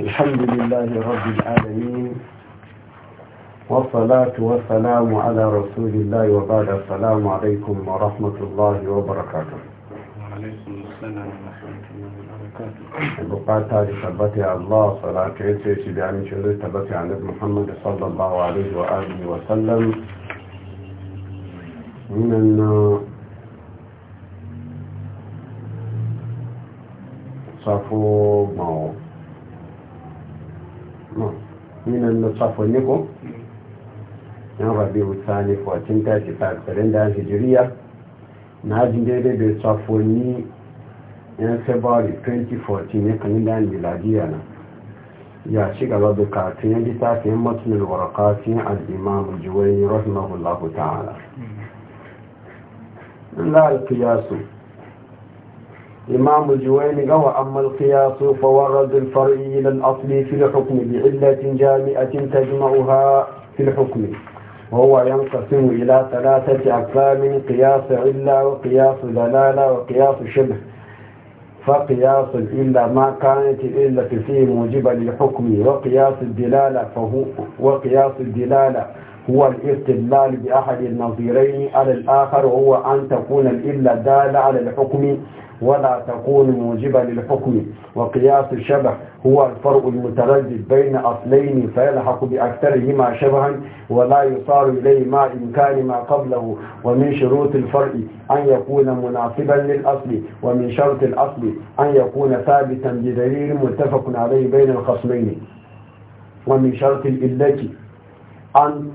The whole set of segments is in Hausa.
الحمد لله رب العالمين والصلاة والسلام على رسول الله وبعد السلام عليكم ورحمة الله وبركاته وعليكم السلام ورحمة الله وبركاته بقاتا لثبتها الله صلاة عيسى بعمل شهر ثبتها عن ابن محمد صلى الله عليه وآله وسلم من أن صفو موت minan na safon ne ko yan rabi wuta ne da kalendar hijiriya na hajjin daidai da safon ni yan february 2014 ya kalendar miladiya na ya ci gaba da katin yan littafin matunan warakatin al'imamu juwai rahimahullahu ta'ala. Allah al-kiyasu إمام الجويني أما القياس فورد الفرعي للأصل في الحكم بعلة جامعة تجمعها في الحكم وهو ينقسم إلى ثلاثة أقسام قياس علة وقياس دلالة وقياس شبه فقياس العلة ما كانت العلة فيه موجبة للحكم وقياس الدلالة فهو وقياس الدلالة هو الاستدلال بأحد النظيرين على الآخر وهو أن تكون الإلة دالة على الحكم ولا تكون موجبة للحكم وقياس الشبه هو الفرق المتردد بين أصلين فيلحق بأكثرهما شبها ولا يصار إليه إن كان ما قبله ومن شروط الفرع أن يكون مناسبا للأصل ومن شرط الأصل أن يكون ثابتا بدليل متفق عليه بين الخصمين ومن شرط الإلة أن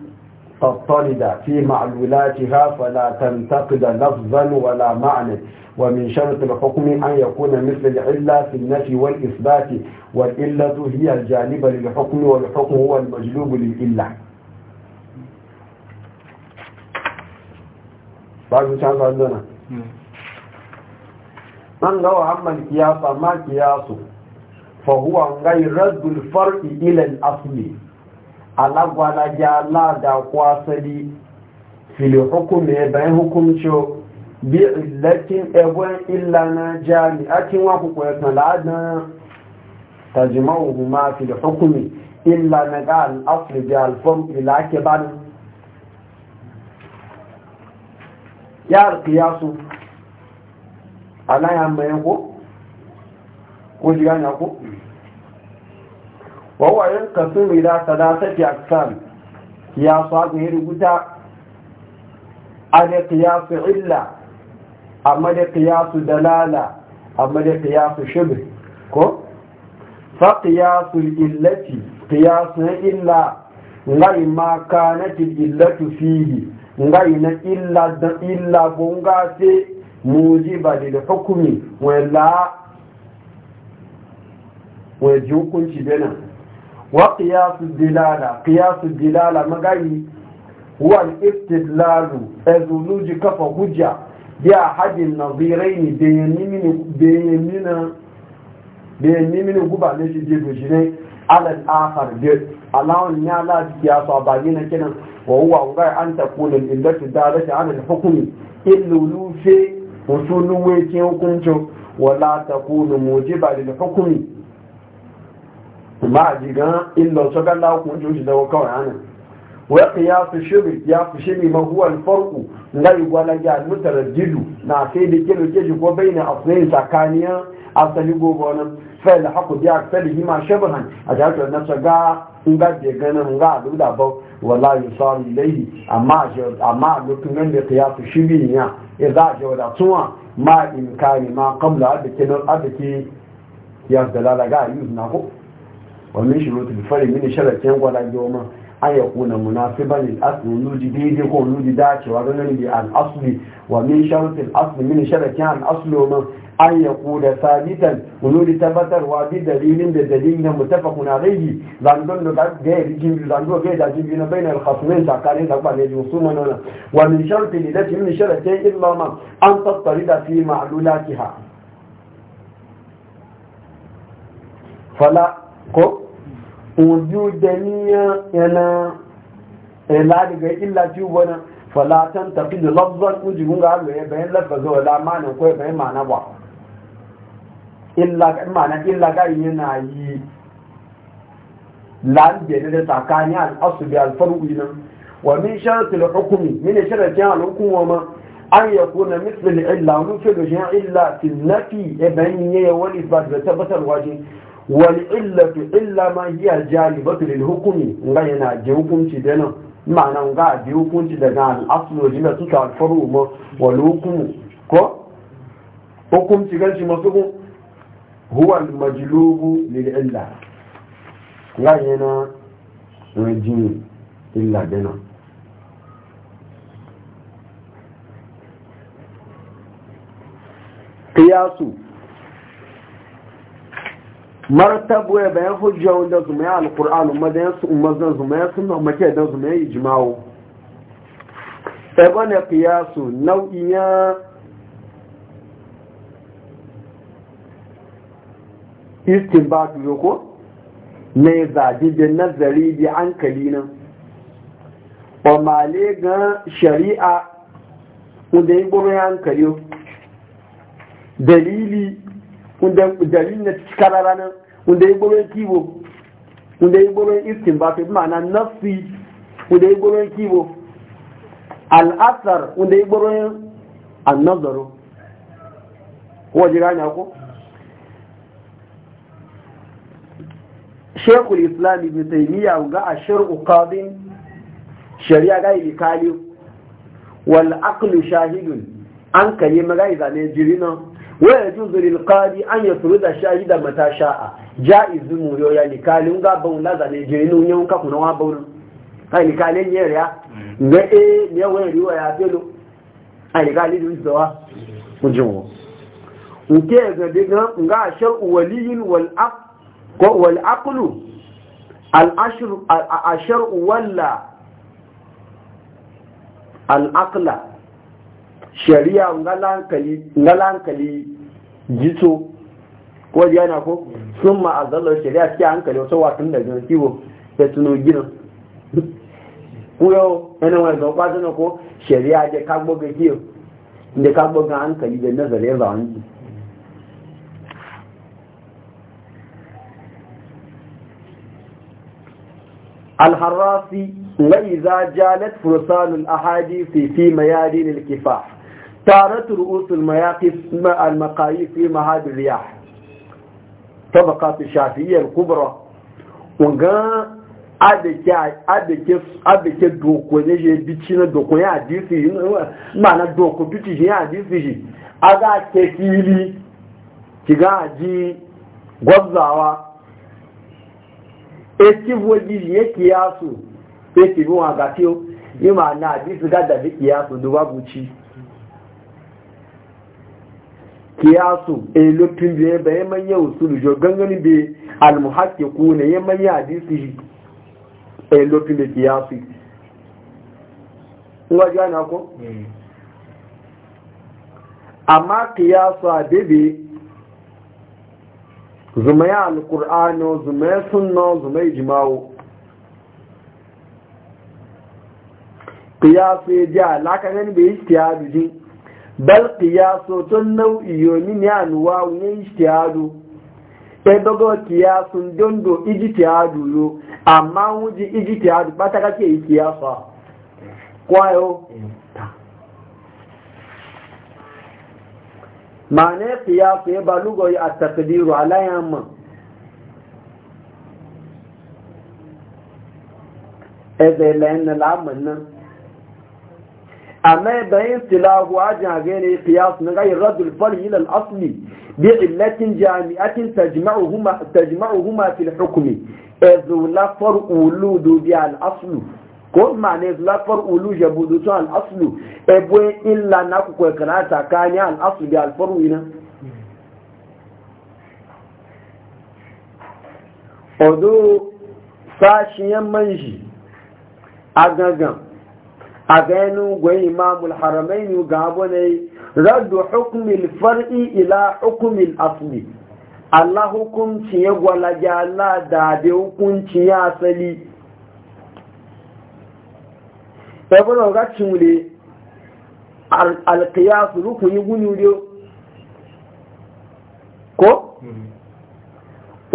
تطرد في معلولاتها فلا تنتقد لفظا ولا معنى ومن شرط الحكم أن يكون مثل العلة في النفي والإثبات والإلة هي الجانب للحكم والحكم هو المجلوب للإلة بعد مشان عندنا من لو عم القياس ما قياسه فهو غير رد الفرع إلى الأصل على ولا جعل لا دعوة في الحكم بين حكم شو bí lẹ́kí ẹgbẹ́ ìlànà jáàmì ákí wọ́n kòkò ẹ̀tàn láàdán tàjímọ̀ ohun máa fi lè fọ́kùnmí ìlànà gáàl áfìrìbí alfọ́m ìlàákẹ́ bá ní kó jí fi amma da qiyasu dalala amma da qiyasu shibh ko fa qiyasu illati qiyasu illa ngai ma kanat illatu fihi ngai na illa da illa gonga se mujiba lil hukumi wala wajin kunci bena wa qiyasu dilala qiyasu dilala magai huwa al-istidlalu azuluji kafa hujja ya hajjin nazirai ne bayan nimini guba ne shi jefe shi ne alal akar da alawun ya lafi ya so ba na kinan wa huwa gai an ta kulin illatu da rashin alal hukumi illulu fe usulun wece hukuncin wala ta kulin mujiba lil hukumi ma jigan illa so ga la hukuncin shi da kawai anan wa qiyas shirk ya fi shirk ma huwa al farqu na igwana ya mutar dilu na sai da kilo ke ko bai na afnai tsakaniya asali gobe wani fayil da haku biya fayil hima shabahan a jihar na shaga in ga je ganin ga a abu da ba wala yi sa'ari laihi amma a lokacin da ta yafi shibi ya ya za a je wadatuwa ma in kare ma kamla a adake nan adake ya dalala ga a yi na ko wani shi rotu fari mini sharakken gwada goma an ya kuna munasiban lil asli nuji daidai ko nuji dacewa don nan bi al asli wa min sharti al asli min sharti al asli wa an ya kuna sabitan nuji tabbatarwa bi dalilin da dalilin na mutafakun alayhi zandon da ga ya rijin zandon ga da jibi na bainal khasmin tsakanin da kwane ji su manona wa min da lilati min sharti illa ma an tattarida fi ma'lulatiha fala ko wuju da niya yana ila daga illa ci wani falatan tafi da lafzon ujibin ga halu ya bayan lafazo wala manin kawai bayan mana ba mana illa ga yana yi lambe da tsakani al'asubi alfarku nan wa min sharatul hukumi min sharatin al'hukuma ma an ya kuna misali illa mun fi da shi illa fi nafi ya bayan yi wani ba da tabbatarwa waje. wal illatu illa ma hiya jalibatu lil hukmi nga yana je hukunci da nan ma'ana nga je hukunci daga al su ma wal hukumu ko hukunci ganci masu huwa al majlubu lil illa yana rajin illa da nan martabu ya bayan hujja wanda su mai alkur'anu madayan su umarnan su mai suna make da su mai ijimawo ebana kiyasu nau'in ya istin ba su yoko ne zaji da nazari da hankali nan ba male ga shari'a wanda yi gbogbo hankali dalili unde dalilin na cikara ranar wanda ya gwaron kibo wanda ya gwaron iskin ba fi ma'ana nafsi wanda ya gwaron kibo al'asar wanda ya gwaron annazaro waje gani ako shekul islam ibn taimiyya ga ashir shir'u kadin shari'a ga kali wal aqlu shahidun an kalima ga izane jirina waya juzu lil qadi an yasuru da shahida mata sha'a jaiz mu yo ya Nga ga bawun la zane je ni nyon ka kuna wa ni kai ne yer ya ne e ne waya riwa ya pelo ai likalin dun zawa mujumu nke ga diga nga shar'u waliyin wal aq ko wal aqlu al ashr al ashr al aqla shari'a ngalankali jito ko yana ko sun ma'azalar shari'a suke hankali wasu watan da jan kiwo da tuno gina yau yana wani zaukwa zana ko shari'a da kagbo kiyo da kagbo hankali da nazarin zawon ji الحراسي وإذا Ahadi فرسان fi في ميادين الكفاح طارت رؤوس المياقف مع المقاييس في مهاد الرياح طبقات الشافعية الكبرى وقال adake doko ne bici na doko ya hadisi na doko bici shi ya hadisi shi a za ke fili ki ga haji gwazawa eti eti na ga kiyasu e eh, lutun biye eh, ba ya manya usulu jo gangani bi al muhaqqiqu ne eh, ya manya hadisi e lutun be kiyasu ngwa jana ko hmm. amma kiyasu adebe zumaya alqur'ano zuma sunna zumaya ijma'u kiyasu ya ja la ne be istiyadu jin bal qiyaso ton nau'i yoni ni anuwa wani ijtihadu e dogo qiyasun iji ijtihadu yo amma wuji ijtihadu bata kake yi qiyasa kwayo mane qiyasu ya balugo ya at-taqdiru alayhim eze lẹ́nu lámọ̀ náà amma bayan tilahu ajin agene qiyas na gai radul fali ila al-asli bi illatin jami'atin tajma'uhuma tajma'uhuma fil hukmi idhu la far'u ludu bi al-aslu ko mane la far'u lu jabudu to al-aslu ebo illa na ku ko kana takani al odo sashiyan agaga. a ganin gwai imamul haramaini ga abunai raddu hukumil far'i ila hukumil asli Allah hukunci ya gwalaje Allah da da hukunci ya asali ɗabunan racin wule alkiyasu rukuni guni wule ko?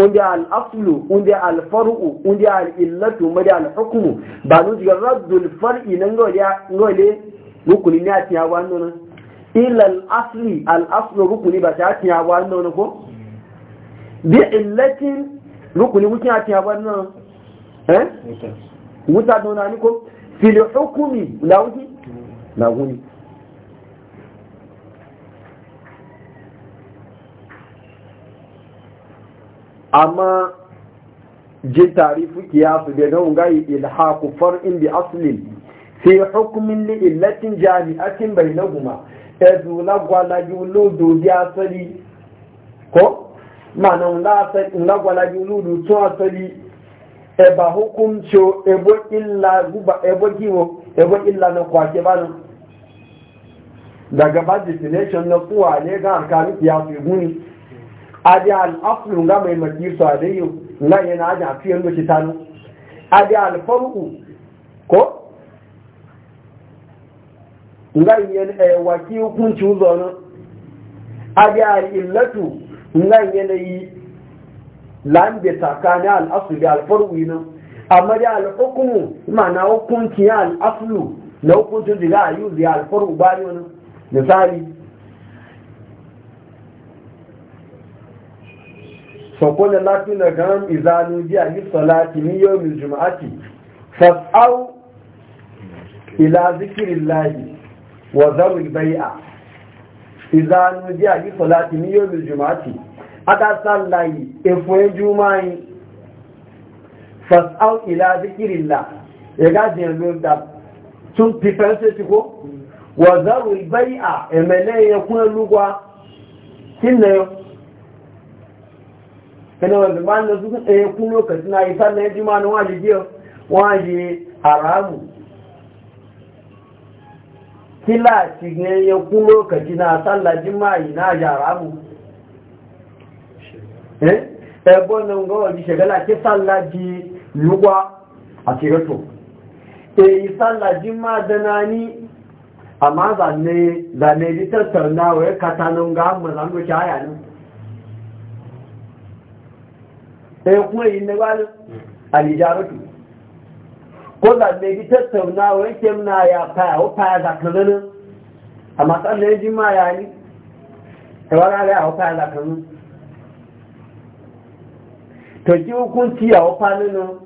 unde al-aslu unde al-far'u unde al-illatu mada al-hukmu ba nu diga raddul far'i nan gole gole rukuni ne a tiya wannan illa al-asli al-aslu rukuni ba ta tiya wannan ko bi illatin rukuni muke a tiya wannan eh muta dona ni ko fil hukmi lawhi lawhi amma jin tarifu kiyasu da gan gayi ilhaku far'in bi aslin fi hukumin li illatin jami'atin bainahuma ezula gwalaji uludu bi asali ko mana nga gwalaji uludu tun asali eba hukumco ebo illa guba ebo kiwo ebo illa na kwake bana daga ba destination na kuwa ne ga alkalin kiyasu guni adi al'aflu nga mai makisu a dai nga yana aji a fiye mace tanu adi alfarku ko nga yana eh, waki hukunci uzo na adi al'illatu nga yana yi lambe tsakanin al'asu da alfarku na amma da al'ukumu ma'ana hukunci al'aslu na hukuncin da za a yi da alfarku ba ne wani misali فقل الله تنا كم إذا نودي للصلاة من يوم الجمعة فاسعوا إلى ذكر الله وذوي البيع إذا نودي للصلاة من يوم الجمعة أتى صلى إفوين جمعين فاسعوا إلى ذكر الله يقعد يقول ده تم تفلسفكم وذوي البيع إملاء يكون لغوا كنا يوم kana wanda ba na suka tsaye eh, kun lokaci na yi sannan jima na waje jiya waje haramu kila ne ya kun lokaci na sallah jima yi na ji haramu eh ẹgbọ́n eh, na ga waje shagala ki sallah ji lugwa a tirato eh sallah jima da nani amma zane zane ji tattaunawa ya katanin ga mazan zangoci haya ne sai kuma yin na gwanin alijaratu ko da mai gi na ya faya wa faya zakarinin a matsan da ya ji ma ya yi tawara ga ya wa faya zakarinin to ki hukunci ya wa faninin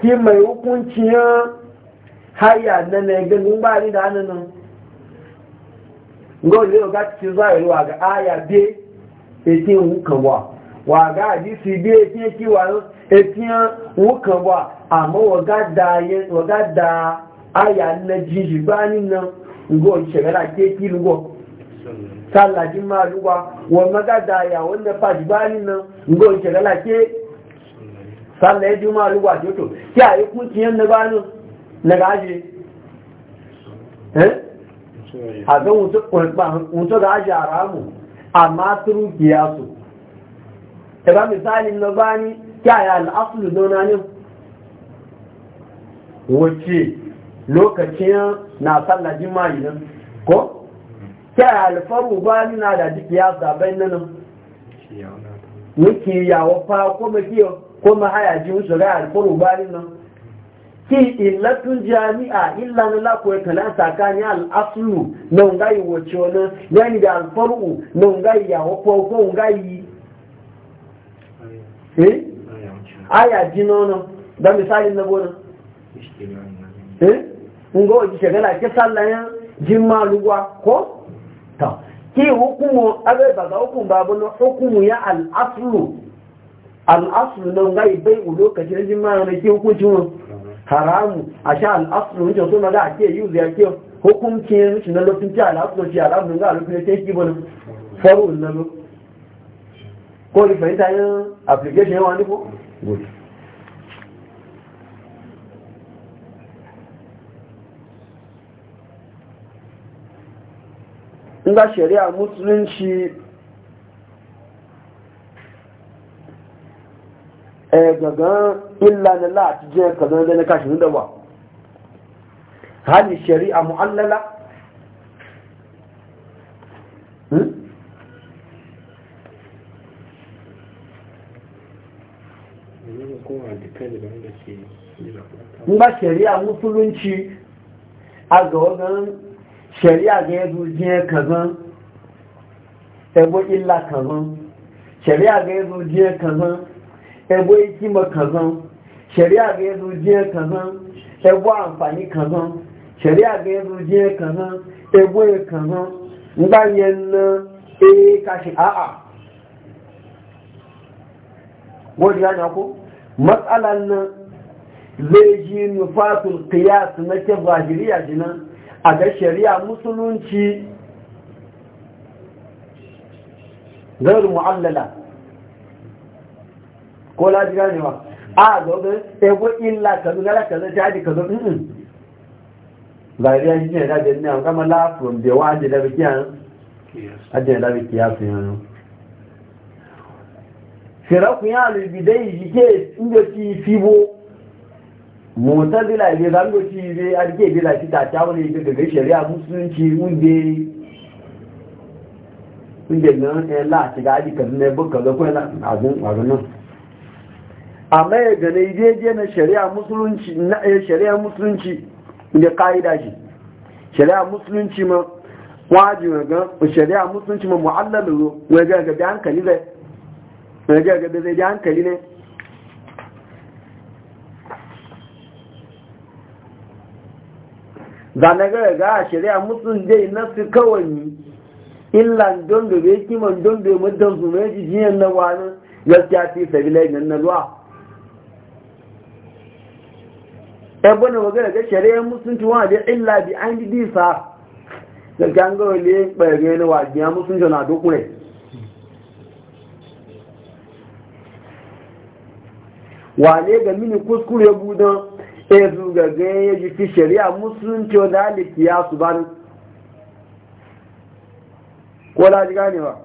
ki mai hukunci ya haya na na ganin da hannun ga wani yau ga cikin zai ruwa ga aya be 18 kan wàgá àdísí bí etí kí wà etí wọn kàn wà àmọ́ wọ́gá da àyà lẹ́jì ṣùgbọ́n nínú ngọ́ ìṣẹ̀rẹ́lá kéèkì lúwọ́ sálàjí máa lúwa wọ́n na da àyà wọ́n nẹ́fà ṣùgbọ́n nínú ngọ́ ìṣẹ̀rẹ́lá kéèkì sálàjí máa lúwa kí àyíkún ti nù ba misalin na bani kyaya al'asulu donanin wace lokacin na sallar jima'i nan ko kyaya alfaru bani na da jiki ya zaben nan wiki yawon fa ko makiyo ko mahayaji wuce ga alfaru bani nan ki illatun jami'a illa na lakwai kalan sakani al'asulu na ngayi wace wani yani da alfaru na ngayi yawon fa ko ngayi Eh? aya ji nono da misali na gona eh ngo ji shagala ke sallayan jin maluwa ko ta ki hukumu abai ba ga hukumu babu na hukumu ya al-aslu al-aslu nan ga bai u lokacin jin na ki hukuncin haramu a al-aslu ne so na da ake yi ya ke shi na lokacin ci al-aslu shi al-aslu ga lokacin ki bana faru ko ni fahimta yin application yawa ne ko good inda shari'a musulunci e gagan illa na lati jiya kazan da na kashi da ba hali shari'a mu'allala hmm? ba shari'a musulunci a ga wajen shari'a ga ya zujiya kazan ebo illa kazan shari'a ga ya zujiya kazan ebo ikima kazan shari'a ga ya zujiya kazan ebo amfani kazan shari'a ga ya zujiya kazan ebo ya kazan ngba yen na e eh, kashi a'a wọ́n di ko. matsalan nan zai ji nufatul qiyas na ke zahiriya jinan a ga shari'a musulunci zai mu'allala ko laji ganewa a ga ga ego illa ka zugara ka zai jadi ka zai mm zahiriya shi ne da ne an kama la from the wajib da bikiyan ajiyar da bikiya su yanu firakun ya yi jike inda ci fibo motar dila ne zango ci zai arke dila ci ta ta wani daga shari'a musulunci wunde wunde N'a ya la ga aji kan ne bukka ga kwai na nan amma ya ga ne eh, je na shari'a musulunci na shari'a musulunci da kaida shi shari'a musulunci ma wajibi ga shari'a musulunci ma mu'allalu ga hankali zai sai ga gada zai ji hankali ne zanagar ga a shari'a mutum zai nasu kawai illan don da bai kiman don da mutum su mai jijiyan na wani gaskiya fi sabi laifin na zuwa ebe na magana ga shari'a musulunci wani da illa bi an gidi sa gaskiya an gawa ne ɓarge na wajiya musulunci na dokunan wane ga mini kuskure budan e zuga ga ya ji fi shari'a musulunci wanda aliki ya su ba ko da ji gane ba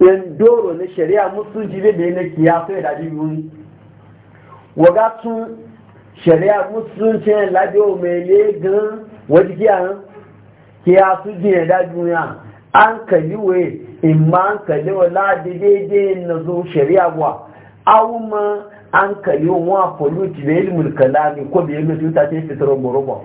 yan doro na shari'a musulunci zai da yana kiyasu ya daji yuni waga tun shari'a musulunci yan labiyo mai legan wajen kiyasu kiyasu jini daji yuni an kalli waye In an kalli wa ladi daidai na zo shari'a wa awu ma an kalli wa polluti da ilmul kalami ko biyar mutu ta ce fitar muruba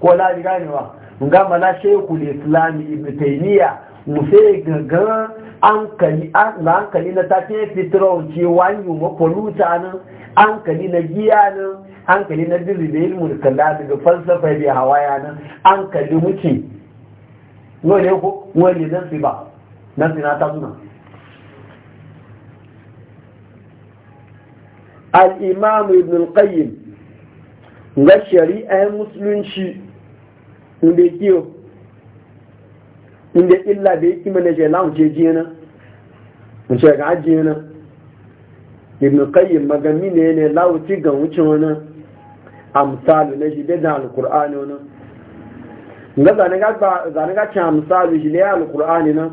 ko ladi ji ganewa nga mala shekul islam ibn taymiya mu sai gaga an kalli an kalli na ta ce fitar ce wani wa polluta nan an kalli na giya nan an kalli na birri da ilmul kalami da falsafa da hawaya nan an kalli muke wani ne ko wani ne ba na sinata suna al'imamu ibn al-qayyim ga shari'ar musulunci inda kiyo inda illa da yake mana ce launce jiyana ce ga ajiyana ibn al-qayyim magami ne ne ci ga wuce wani amsalu na shi da al-qur'ani wani ga zane ga cin amsalu shi ne al-qur'ani nan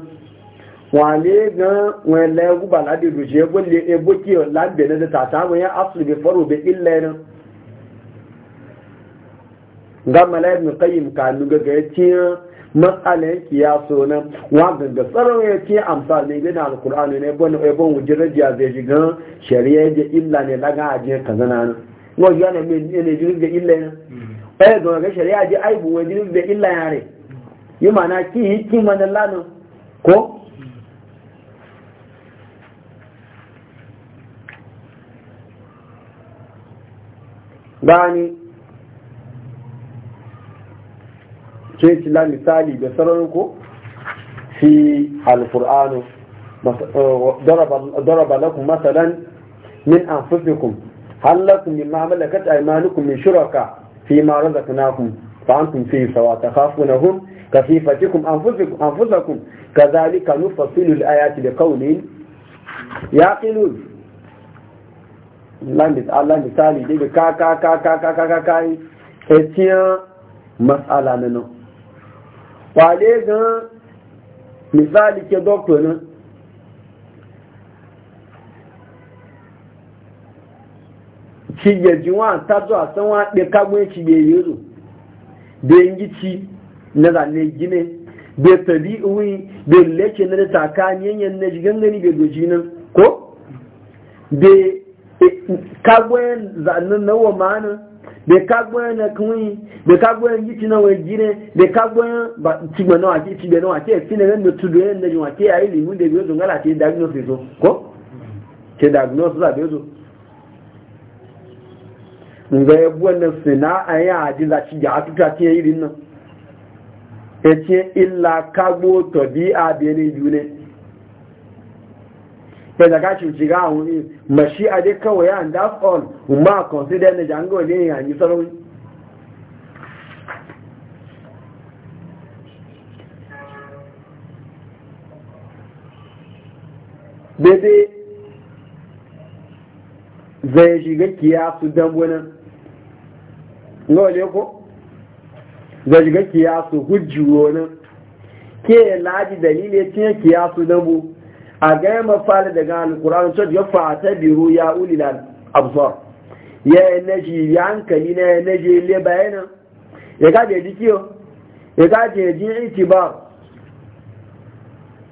wale ga wani lagu ba ladi ruje bulle e buki lambe na da tata wani ya asli bi faru bi illa ne ga na ibn qayyim ka nu ga ga tiya masala yake ya so nan wa ga ga tsaro ya ce na ne ga alqur'ani ne bon e bon wujira zai shiga shari'a gani ce ci la misali da sararko fi alfur'anu eh, daraba lakun masalan min anfusikum hal min mimma malakat aymanukum min shuraka fi ma razaqnakum fa antum fi sawa takhafunahum kafifatikum anfusikum anfusakum kadhalika nufassilu al-ayati ya yaqilun Allah misali dai da kaka ka ka ka yi etiyan matsala na nan kwale gan misali ke doktor nan cigaji wa tazo a san wa ɗe kagun ci bai yi zo da yin ci na zane gine bai tabi uwi bai leke na da takaniyan yan na ji gangani bai doji ko bai kagwen za na wa mana da kagwen na kawai da kagwen gici na wai gine da kagwen ba cigbe na wake cigbe na wake fi na yan da tudu yan da wake ya yi limu da biyo zungala ce diagnosis so ko ce diagnosis a biyo so nga ya buwa na sina a yi a ji za ci ga a tuta ce yi rin nan ya e ce illa kagbo tabi'a biyu e ne ne sai daga cuci ga wuri mashi a dai kawai 'yan that's all umma consider na jango ne ya yi sarari bebe zai shiga kiyasu don wani lole ko zai shiga kiyasu hujju wani ke laji dalilin cinye kiyasu don wani a gaya mafali daga alkur'an sai ya fata biru ya ulila absar ya yi na ji, ya hankali na ya energy le bayanan ya ga je jikiyo ya ga ji iti itibar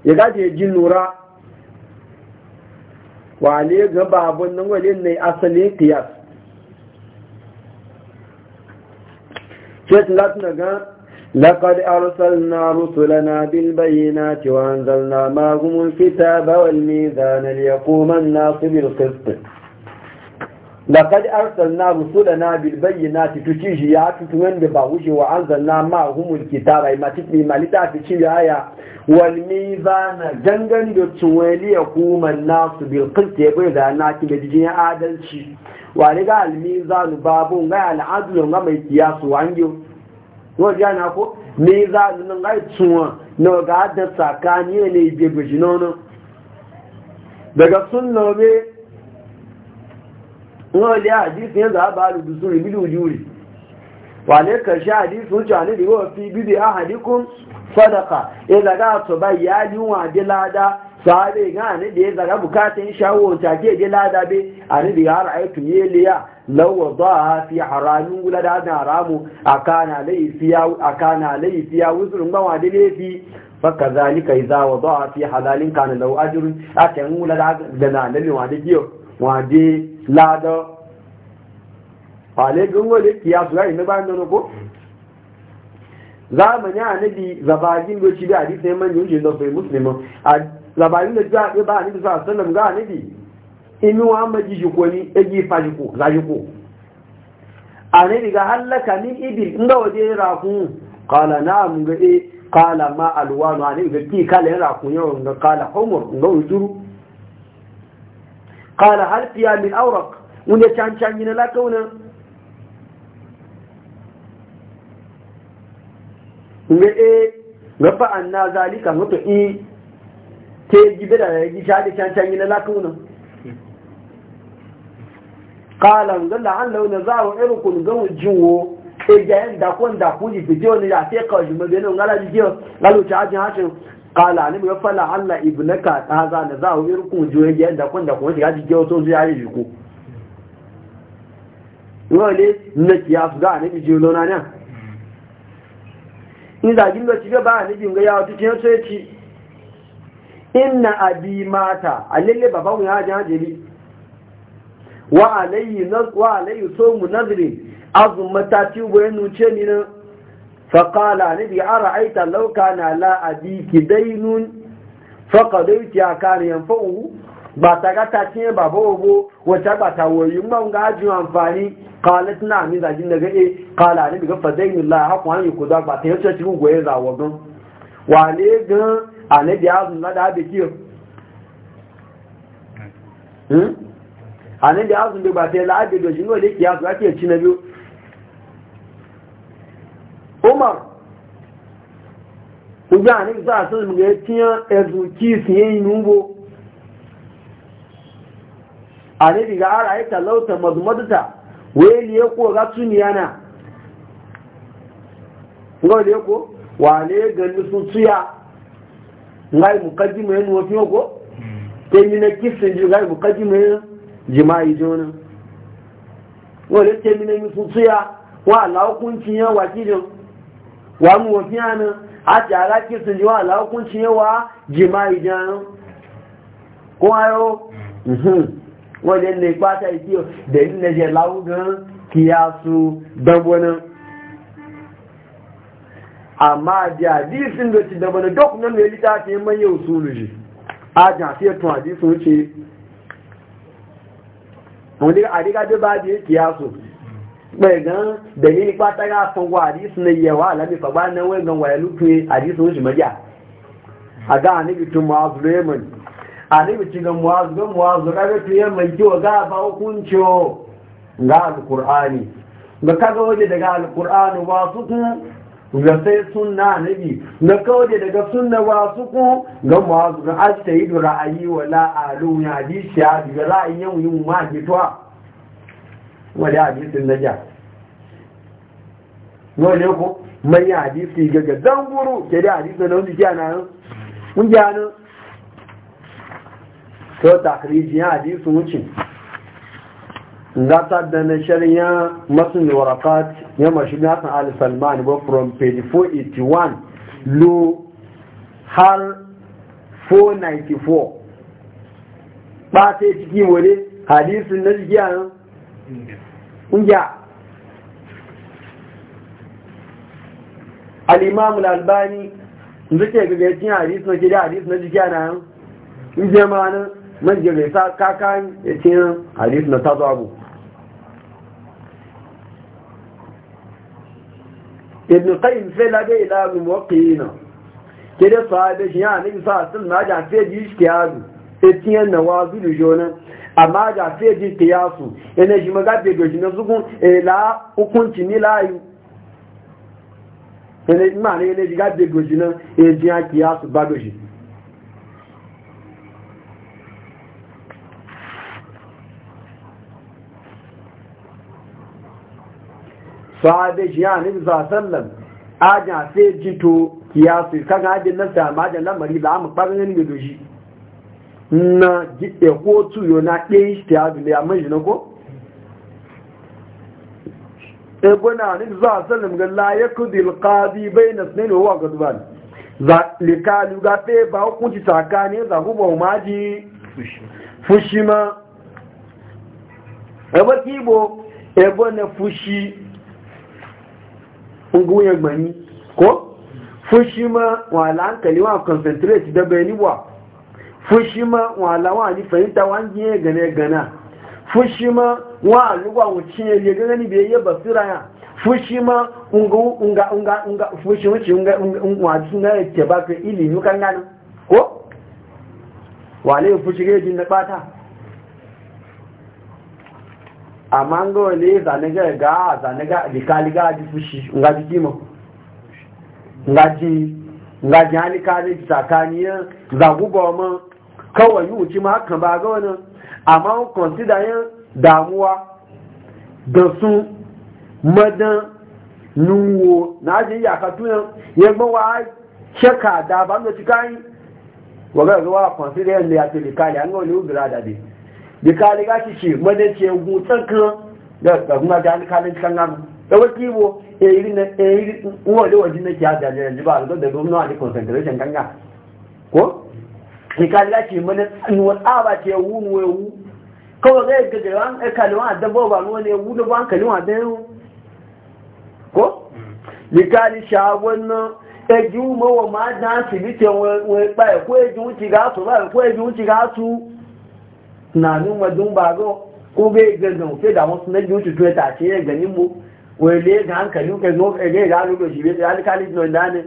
ya ga da ji lura wale ga babun nan wale ne asalin qiyas sai tun gan. لقد أرسلنا رسلنا بالبينات وأنزلنا معهم الكتاب والميزان ليقوم الناس بالقسط لقد أرسلنا رسلنا بالبينات تشيجي ياتتون بباوشي وأنزلنا معهم الكتاب أي ما تتني ما لتاتشي آية والميزان جنجن يتسوي ليقوم الناس بالقسط يقول إذا ناكي بجين آدل شي وعليك الميزان بابون غير العدل وغير القياس وعنجو ko ko me za nan ga tsuwa na ga da tsakani ne be gushi nono daga sunna be no le hadisi yanzu a ba da suri bidu juri wale karshe hadisi sun ne da fi bidu ahadikum sadaka ila ga to bayani wa dilada sabe ga ne da ya zaga bukatun shawo ta ke da ladabe a ne da ya ra'aytu yeliya law wada fi haramin wula da da haramu akana laifi ya akana laifi ya wuzurun ba wadi da laifi fa kazalika idza wada fi halalin kana law ajrun akan wula da na nabi wadi da wadi lado ale gungo le kiyasu ga ne ba nan ko zamani anabi zabajin go ci da hadisi man yunje da sai muslimin labarin da za a ba a nufi sallallahu alaihi za a nufi inu wa maji jiko ni eji fajiko za ko. a nufi ga halaka min inda in ya waje kala na na'am ga e kala ma alwanu a nufi ga ti kala ya rakun yau ga kala homer ga wujuru Kala hal fiya min aurak mun ya can can yi na lakauna. ga e ga fa na zalika mutu te gibe da ya gisha da can can gina lakunan kalan zalla an launa za a irin kun gan jinwo e ga yan da kun da kuji fije wani kawai mu ga nan ala jike galo ajin hashin kala ne mu fala alla ibnaka ta za na za a irin kun jinwo ga yan da kun da kun ya jike to zai ayi jiko wale na kiya su ga ne bije lona ne in da gindo ba ne bin ga ya ci inna abi mata alalle babanmu ya hajji hajjiri wa alayhi so mu nazirin azumata ci goyen nuce ni nan faƙala ne bi ara aita lauka na la'adi ki dainun faƙadai ti a kare yanfa'u ba ta gata ci yin baba ogo wacce ba ta woyi man ga ajiyar amfani ƙalat na amin zagin daga e eh. ƙala ne bi fa dainun la haƙon hanyar kudu ba ta yi cikin gan wa wale gan a ààzùn ládàá bè kí o ànẹ́bí ààzùn bè gbàtẹ̀ láàbèdò sí náà lè kí ààzùn láti ẹ̀kí nẹ́bí ó mọ̀ ojú ànẹ́bí Umar, sọ́dún a tí yán ẹ̀zùn kí ga ara ẹ̀ta e lọ́tọ̀ mọ̀dúnmọ́dúta wẹ́ẹ̀lì ẹ̀kọ́ e ọ̀gá tún ní yánà ngọ́ ilé ẹ̀kọ́ e wà ní ẹ̀gẹ̀ ní sun túyà ngai mukaddimu yin wafiyo ko ta yi na kifin ji ngai mukaddimu yin jima'i jona wale ta yi na yi tutuya wa alahukuncin yan wakilin wa mu wafiya nan a ti ala kifin wa alahukuncin yan wa jima'i jana ko ayo mhm. wale ne kwata ikiyo da yi na je lawu gan kiyasu dan wani amma da hadisin da ci da bane duk nan ne littafi mai yau sulu ji a jan sai tun hadisin wuce wani a riga da ba da yake yaso bai gan dalili kwata ga san wa hadisin ne yawa alabi fa ba nan wai gan waya lutu hadisin wuce maja a ga anabi tun mu'azu leman anabi ci ga mu'azu ga mu'azu rabe tun yan mai kiwo ga ba hukunci ga alkur'ani ga kaga waje daga alkur'ani wasu tun ga sai sunna nabi na kawai daga sunna ba su ku ga mawazu ga yi da ra'ayi wa la'alu ya bi shiya daga ra'ayin yau yi ma ke tuwa wani hadisin na ja wani ku? mai hadisi ga ga zanguru ke da hadisin na wani kiya na yau kun gyanu to takrijin hadisin wucin ngata da na masu ne warakat ya mashi san ali salman ba from page 481 lo har 494 ba sai ciki wani hadisun na jigiya nan ƙungiya al'imamu albani zuke gaga cin hadisun na gida hadisun na jigiya na nan in ma nan man jirgin sa kakan ya ce hadisun na tazo abu ibn qayyim sai la ga ila mu waqina ke da sahabe shi ya nabi sa sun na ja sai ji shi kiyazu sai tiyan nawazu jona amma ja sai ji kiyasu ina shi maga be goshi na zugun ila hukunci ni layu ina ma ne ne ga be goshi na e ji kiyasu ba goshi sahabe shi ya nabi sallam aja sai jito kiyasu kan hajin nan sai majan lamari da amma ɓarin ne doshi na jiɗe ko tuyo na ɗaya shi ta yadu ne amma shi na ko ebona nabi sallam ga la yakudi alqadi bayna sunayn huwa gadban za likalu ga fe ba hukunci tsakani za gubo maji fushima ebo kibo ebo na fushi ungu ya gbani ko fushi ma wala hankali wa concentrate da bayani wa fushi ma wala wa ni fahimta wa ni gane gana fushi ma wa lugwa wucin ya gane ni bai yi basira ya fushi ma unga unga unga unga fushi wuce unga unga unga ya ke baka ilimi kan gani ko wale fushi ga jin na bata amma ga wale zane ga ga zane ga likali ga ji fushi nga ji kima nga ji nga ji hali ka ne tsakaniya zagu ba mu kawai wuce ma hakan ba ga wani amma an consider yin damuwa da su madan nuwo na ji ya ka tunan ya gba wa shaka da ba mu ci kai wa ga wa consider yin da ya ce likali an ga wale ubira da dai bikali ga ci ce wadda ce kan da kuma da alkalin kan nan da wata bo e eh, iri na e iri uwa wajen na kiya da jiran jiba da da gwamna a concentration kan ga ko bikali ga ce mana tsanuwa tsaba ce wunu wewu kawai zai gaggawa an kalwa a dabba ba wani ne wuda ba an da yau ko bikali shagon nan eji umowa ma da asibiti wai kpa ekwe eji wuci ga su ba ekwe eji wuci ga su tunanin wajen bago ko bai gaggan sai da wasu na biyu tutuwa ta ce ya ganin mu wai le ga hankali ka zo ka ga ga rubo shi bai alkali no da ne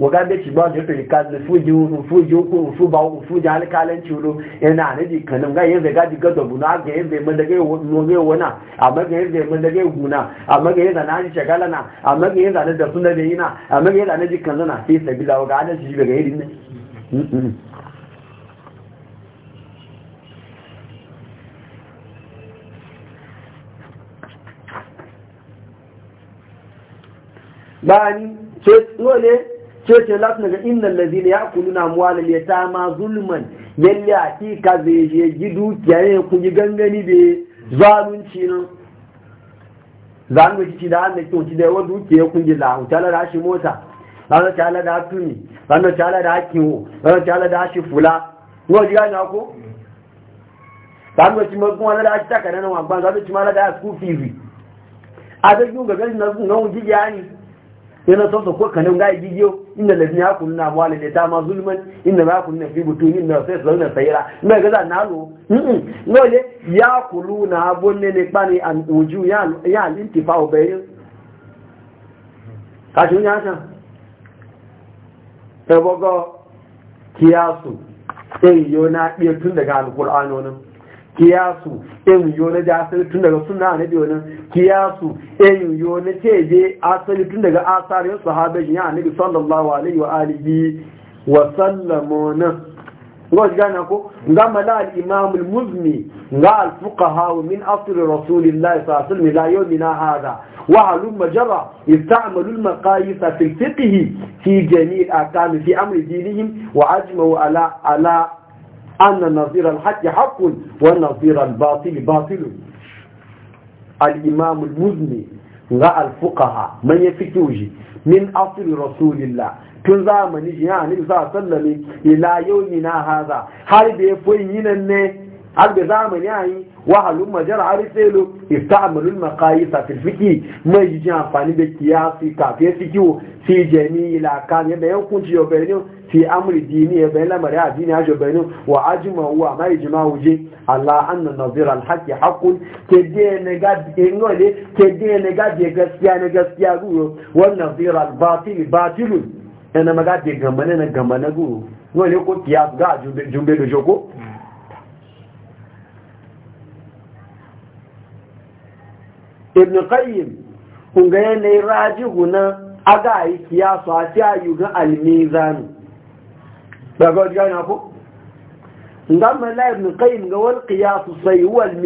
wa ga bai ba da to ka da fuji ji ko fu ba fu da alkalan ciwo yana ne di kanin ga yanzu ga di gado buna ga yanzu mun da ga no ga wana amma ga yanzu mun da ga guna amma ga yanzu na ji shagala na amma ga yanzu da sunna da yana amma ga yanzu na ji kanzana sai sabila ga da shi ga yanzu ne bani ce dole ce ce lati daga innan ne ya kulu na muwalar ya ta ma zulman yalli a kika zai je gidu yayin ku yi gangani da zalunci nan zalunci ci da an da kyauci da yawan dukiya kun gila hutala da shi mota ranar tala da tuni ranar tala da kiwo ranar tala da shi fula yau ji gani ako zalunci ma kuma na da shi takara na wagban zalunci ma na da school fees a zai yi ga na sun ne yana son su kuka nan gai gigiyo inda lafi ya kunu na mawali da ta ma zulman inda ba kunu na fi butuni inda sai su zauna sayira ina gaza na lo nole ya kulu na abun ne ne kpani an uju ya alintifa obayin kashin ya can ebogo kiyasu sai yau na iya tun daga alkur'anonin kiyasu in yiwu na ji asali tun daga suna na biyo nan kiyasu in yiwu na ce je asali tun daga asarin sahabbai ya nabi sallallahu alaihi wa alihi wa sallamu nan shi gane ko ga mala al imam al muzni nga al fuqaha min asl rasulillahi sallallahu alaihi la yawmina hada wa halum majra istamalu al maqayis fi al fi jami' akam fi amri dinihim wa ajma'u ala ala أن نظير الحق حق ونظير الباطل باطل الإمام المزني غا الفقهاء من يفكوجي من أصل رسول الله tun zamani jiya ne za a sallame ila yau na haza har da ya fi yinan ne har da zamani yayi wa halun majar ariselo ista'malu al-maqayisa fil fiqi mai ji amfani da kiyasi kafiye fiqi fi jami'i la kan ya bayan kunci yo bayan fi amri dini ya bayan lamari addini ajo bayan wa ajma huwa ma ijma wuje Allah anna nazir al-haqq haqqun kede ne ga ngole kede ne ga de gaskiya ne gaskiya guro wa nazir ko ibn qayyim kun ga yanayi rajihu na aga yi kiyasu a ayyukan almizanu daga wajen gani ko nga la ibn qayyim ga wani kiyasu sai wal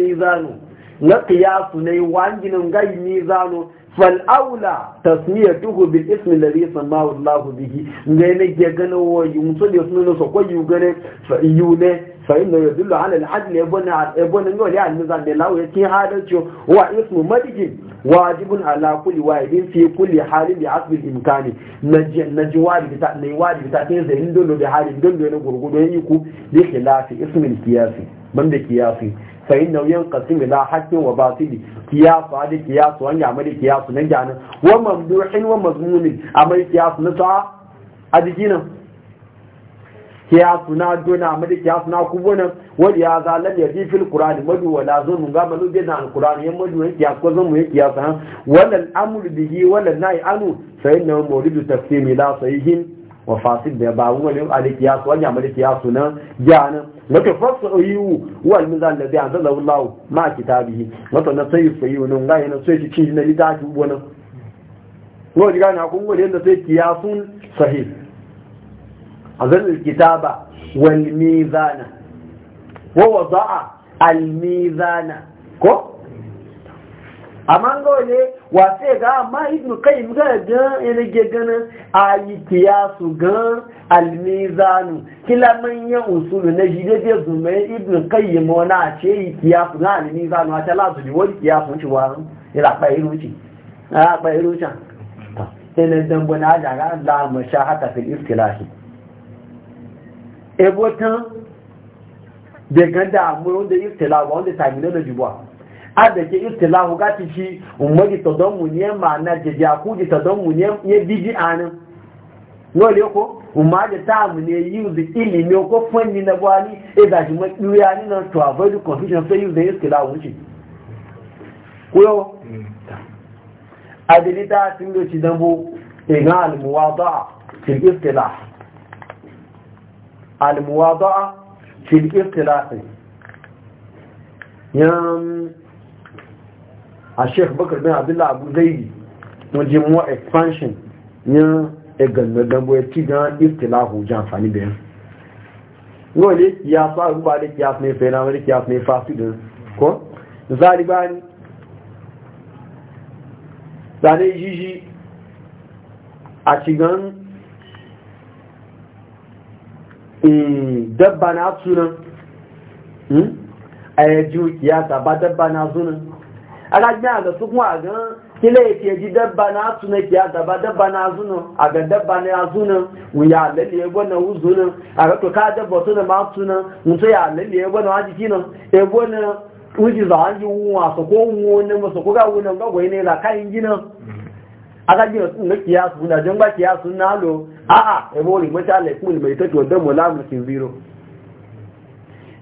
kiyasu na yi ne wanginin ga mizanu fal'aula ta smiya duhu bil ismi da ya sama wa lahu bihi ne ne ke gano wa yi mutu ne suna nasa ko yi gane yi ne fa'in da ya dillo an alhaji ne ebo ne ebo ne yau ne a nizar da lawo ya ci hada ciyo wa ismu madigi wajibun ala kulli wa idin fi kuli, halin bi asbil imkani na ji wadi bi ta ne wadi bi ta ce zai ndo no bi halin ndo ne gurgudo yi ku ne ke lafi ismin kiyasi ban da kiyasi sayin nauyin kasim ila hakkin wa batili kiyasu hadi kiyasu wani amali kiyasu nan gyanin wa mamduhin wa mazmunin amali kiyasu na ta adikina. jikinan kiyasu na dona amali kiyasu na kubonan wani ya za ya yafi fil qur'ani madu wala zun ga malu bi na alqur'ani yan madu yan kiyasu ko zan mu yan kiyasu han wala al'amru bihi wala nahi anu sayin na muridu tafsimi la sahihin wa fasid da ba wani alkiyasu wani amali kiyasu nan gyanin wato oyi yiwu wa almizan da bi anzala Allah ma kitabihi wato na sai fa yi wannan gaya na sai ci na litafi wona ko ji na kun gode yanda sai kiyasun sahih azal kitaba walmizana mizana wa wada'a al ko amma ga wani wasu ga amma ibn qayyim ga ga ina ge gana ayi kiyasu ga almizanu kila man ya usulu na jide de zuma ibn qayyim wana ce yi kiyasu ga almizanu a tala su ji wani kiyasu ci wa ila pa iru ci a pa iru ci ina dan bana da ga Allah mashahata fil iftilahi ebotan de ganda amuro de iftilahu wanda tabi da jubuwa adake istilahu ga tici ummadi tadammu ma na jaja ku ji tadammu ne ya biji anan no le ko umma da ta mu ne use ilimi ko fanni na gwani e da shi makiya ni na to avoid confusion sai use istilahu ci ko yo adilita sun do ci dambo ina e al-muwada'a fil istilah al-muwada'a fil istilah yan a sheikh bakar bin abdullah abu zaidi wajen mu expansion ya egalme gambo ya ci gan istilahu ji amfani da yan wani ya sa ruba da kiyas ne fena wani kiyas ne fasidin ko zalibani zane jiji a ci cigan dabba na sunan a yaji kiyasa ba dabba na sunan alagbin aga sukun agan kila eke ji dabba na atu na kiya daba dabba na azuna aga dabba na azuna wuya lalle na wuzo na aga to ka dabba na ma atu na mutu ya lalle ebo na wajiki na na wuji za an yi wuwa so ko wuwa na maso ko ga ga ne la kayan gina aga ji na kiya su na jin ba kiya su na lo a'a ebo ri mata alaikum mai tato da mu lamu zero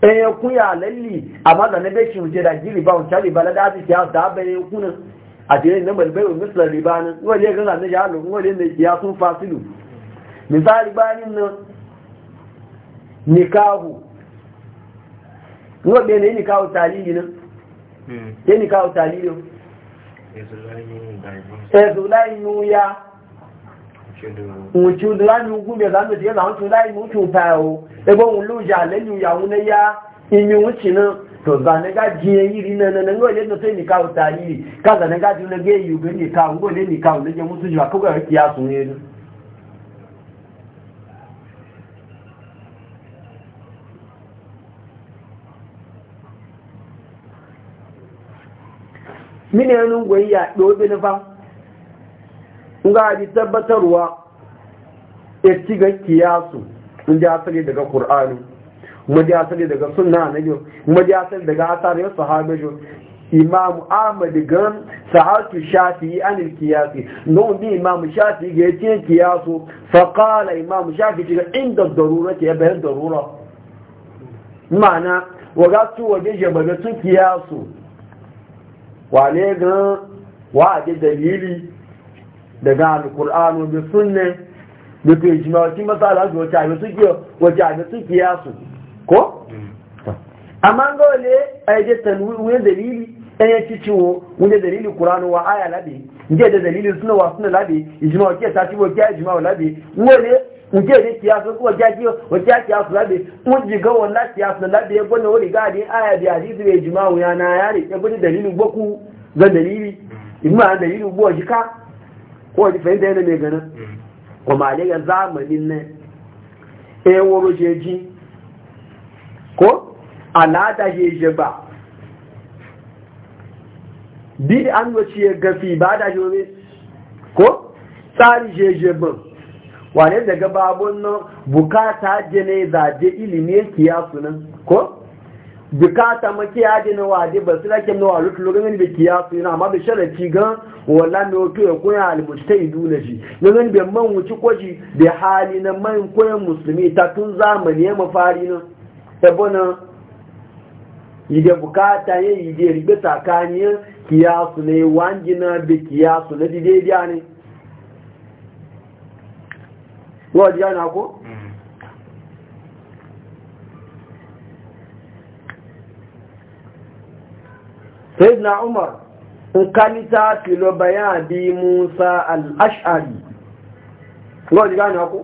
ɗaya eh, kuya lalli a maganin bai shi wuce da ji riba wuce riba na daji siya ta bayan kunan a tiyayin na malbai wa misalar riba nan wani ya gaza na jihar wani ne ya sun fasilu misali bayanin nan nikahu wani ne nikahu talili nan hmm. ya nikahu talili ya zulai nuya ŋutsu lanu gúnbẹ̀ lanu tiẹ̀ làwọn tún láì ŋutsu pa o ẹgbẹ́ òun ló yà lẹ́nu ìyàwó náà yá inú ŋutsu náà tọ̀gbà nígbà na yìí náà náà ńgọ̀ lé nọ́tẹ́ nìka ọ̀tà yìí káza nígbà jíẹ̀ náà gé yorùbá nìka ńgọ̀ lé nìka ọ̀lẹ́ jẹ́ mú sójú àkókò rẹ̀ kí a sùn yẹn. mí ni ẹnu ń gbé yà lóbi nga ji tabbatarwa ya ci ga kiyasu in ji asali daga ƙur'ani kuma ji asali daga suna na yau kuma ji asali daga asarin sahabe yau imam ahmad gan shafi shafi'i anil kiyasi non bi imam shafi'i ga yace kiyasu faƙala imamu imam shafi'i ga inda ke, ya bayan darura ma'ana ga su waje jababa su kiyasu wale gan wa ji dalili daga alkur'anu da sunne da ke jima wasu matsala su wace abin suke wace abin suke yasu ko? amma ga wale a yaje tanwuyin dalili ɗan ya ci ciwo wunde dalili kuranu wa aya labe nke da dalili suna wa suna labe ijima wace ta ci wace ijima wa labe wale nke da kiyasu kuma kiyasu wace kiyasu labe mun ji ga wannan kiyasu labe ya gwada wani gadi aya da hadisi bai ijima wa yana yare ya gwada dalilin boku ga dalili mm. ijima dalilin buwa jika ko ji fahimta yana mai ganin kuma ne ga zamanin ne e woro jeji ko alada je ba bi an wace ya gafi ba da shi ko tsari je ba wane daga babon nan bukata jene zaje ilimi kiyasu nan ko bukata maki ya ji na wade ba su rake na walu tulo ganin bai kiya su yana amma bai sharafi gan wala mai wato ya koya albusta idu na shi na ganin bai man wuce kwaji bai hali na man koyan musulmi ta tun zamani ya mafari na ebo na ide bukata ya yi ide ribe tsakanin kiya su ne wanji na bai kiya na dide biya ne. Wọ́n di yana ko? sayyidina umar nkanita filo bayan bi musa al'ashari wọ́n ti gánà kú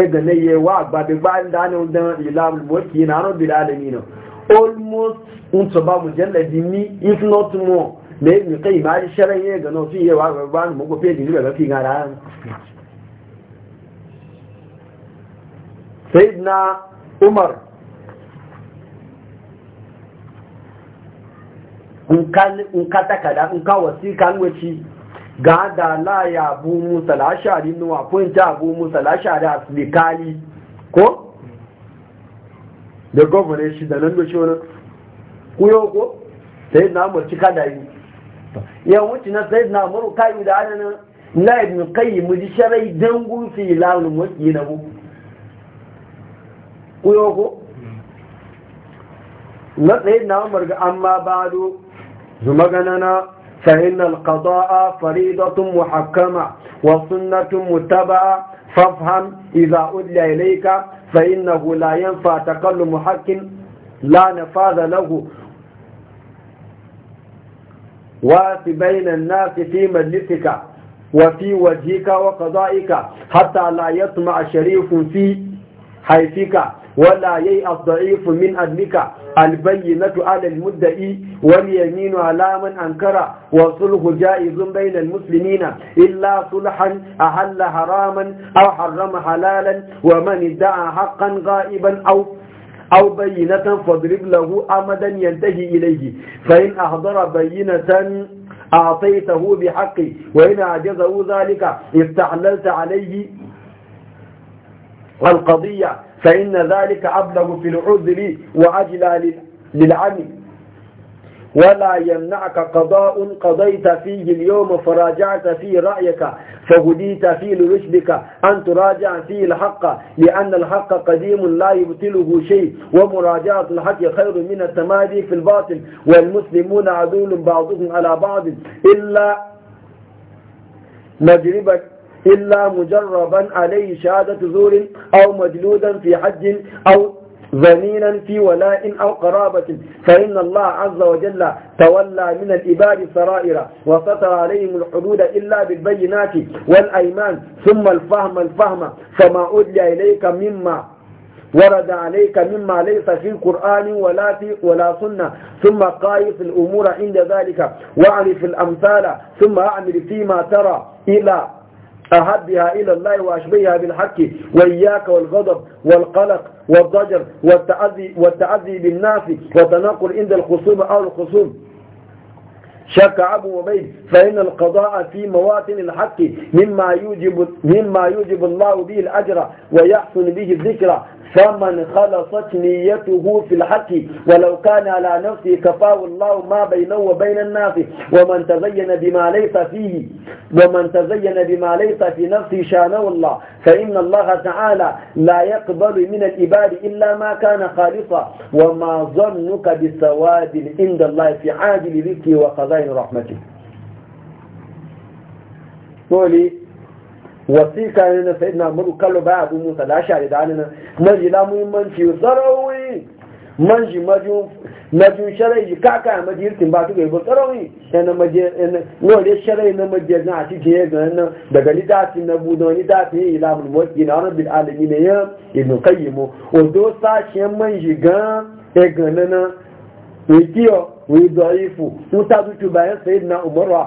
ẹgbẹ̀ ní wà àgbàgbẹ̀ bá dán náà almost ń mùjẹ́lẹ̀ di ní if not more lẹ́yìn kẹ́ umar in ka takada in ka wasika nwaci ga da la ya abu musa lashari nuwa kunta abu musa lashari a silikali ko? da gwamnati shi da nan da shi wani kuyo ko? sai na amurci kada yi yawon wuce na sai na amuru kayu da ana nan na ibn kayi mu ji sharai don gurfi launin wasu yi na mu kuyo ko? Hmm. na tsaye na amurga amma ba do zuma ganana فإن القضاء فريضة محكمة وسنة متبعة فافهم إذا أدلى إليك فإنه لا ينفع تقلم حق لا نفاذ له وفي بين الناس في مجلسك وفي وجهك وقضائك حتى لا يطمع شريف في حيثك ولا يي الضعيف من أدنك البينة على المدعي واليمين على من أنكر وصله جائز بين المسلمين إلا صلحا أحل حراما أو حرم حلالا ومن ادعى حقا غائبا أو أو بينة فاضرب له أمدا ينتهي إليه فإن أحضر بينة أعطيته بحقه وإن أعجزه ذلك استحللت عليه القضية فإن ذلك أبلغ في العذر وأجلى للعمل ولا يمنعك قضاء قضيت فيه اليوم فراجعت فيه رأيك فهديت فيه لرشدك أن تراجع فيه الحق لأن الحق قديم لا يبطله شيء ومراجعة الحق خير من التمادي في الباطل والمسلمون عدول بعضهم على بعض إلا مجربك إلا مجربا عليه شهادة زور أو مجلودا في حج أو ظنينا في ولاء أو قرابة فإن الله عز وجل تولى من الإباد السرائر وسطر عليهم الحدود إلا بالبينات والأيمان ثم الفهم الفهم فما أدل إليك مما ورد عليك مما ليس في القرآن ولا في ولا سنة ثم قايف الأمور عند ذلك واعرف الأمثال ثم أعمل فيما ترى إلى أحبها إلى الله وأشبهها بالحق وإياك والغضب والقلق والضجر والتعذي, والتعذي بالناس وتناقل عند الخصوم أو الخصوم شك أبو وبيت فإن القضاء في مواطن الحق مما يوجب, مما يوجب الله به الأجر ويحسن به الذكرى فمن خلصت نيته في الحق ولو كان على نفسه كفاه الله ما بينه وبين الناس ومن تزين بما ليس فيه ومن تزين بما ليس في نفسه شانه الله فإن الله تعالى لا يقبل من العباد إلا ما كان خالصا وما ظنك بسواد عند الله في عاجل ذكره وقضاء رحمته قولي wasiƙa ne na sai na muru kallo ba abu musa da shari da hannun na jila muhimmanci yi man ji majun shari'a ji kaka a majiyarkin ba su ga ibo sarawi yana majiyar sharai na majiyar na ati ya ga nan daga lidafi na budo lidafi yi ilamun motsi na wani bil na yan ya ibn kayyimo odo sashen man ji gan egan nana wikiyo widoifu mutazu bayan sayid na umarwa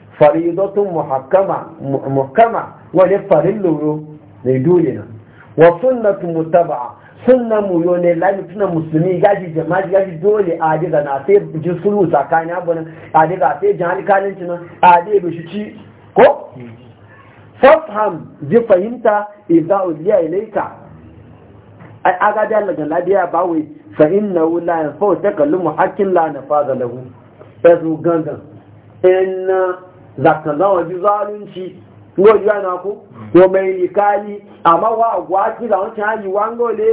faridotun muhakkama wani farin loro mai dole na wa sunnatu mutaba sunna mu yo ne lami tuna musulmi gaji jama'a gaji dole a diga na sai ji sulu tsakanin abu a diga sai jihar alkalin ci a diga shi ci ko fafham ji fahimta idza uliya ilaika ai aga da daga labiya ba wai fa inna la yanfa takallumu hakkin la nafaza lahu yazo gangan inna zaka zawa ji zalunci ngo yana ku ko mai likali amma wa gwaki da wancan haji wango ne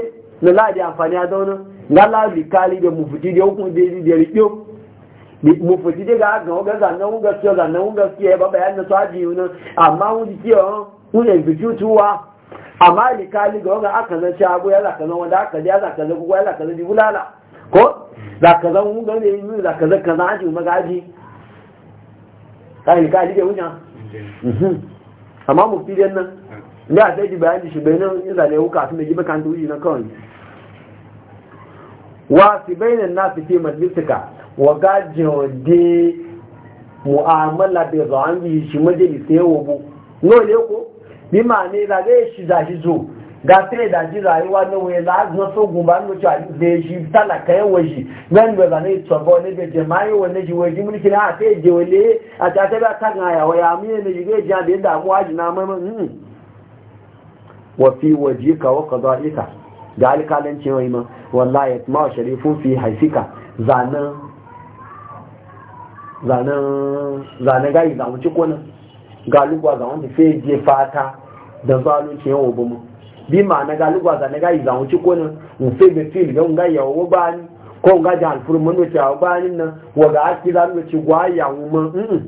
na ladi amfani a zauna na ladi likali da mufuti da hukun da da riƙo mufuti da ga ga ga zanna mun gaskiya zanna mun gaskiya ba bayan na saji yuna amma mun ji kiyo mun ne bijutuwa amma likali ga ga aka zan shago ya zaka zan wanda aka ji ya zaka zan ku ya zaka zan bulala ko zaka zan mun ga ne yi zaka zan kaza haji magaji kayan kayan da wuce mhm. amma mu fi nan ne a sai bayan shi bai nan yana ne wuka sun da gibe kan tuji na kawai wa fi bainan na fi fi majalisika wa gajin de mu'amala da zo an yi shi majalisa yawo bu no ne ko bi ma ne da ga shi da shi zo ga sai da ji rayuwa na wuyi la na so gumba no cha de ji tala kai waji nan da zane to bo ne de jama'i wannan ji waji mulki na sai je wale a ta ta ba ta ga waya mi ne ji ga ja da da mu waji na mai hmm wa fi wajika wa qada'ika ga alkalan cewa ma wallahi ma sharifun fi haifika zanan zanen zanen gayi zamuci kona ga lugwa zamun da je fata da zalunci yawo bamu bí màá naga lùgbàdà naga ìzàwọn tí kò ní nfẹ́ bẹ fíìlì bẹ́ẹ̀ nga yà owó bá ní kó nga jà àlùfóró mọ́ lóṣù àwọn bá ní na wọ́n gà á ti rà lóṣù wọ́n á yà wọ́n mọ́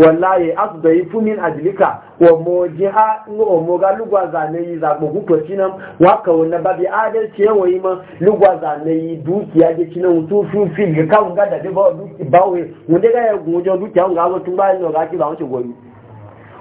wọ́n láàyè àtúntò yìí fún mi àdìlíkà wọ́n mọ̀ jẹ́ á wọ́n mọ̀ ga lùgbàdà ní ìzàgbọ̀n púpọ̀ sí náà wọ́n kà wọ́n na bàbí adé tí ẹ̀ wọ̀nyí mọ́ lùgbàdà ní dúkìá jẹ́ tí náà tó fún fíìlì káwọn gà ba báwọn dúkìá báwọn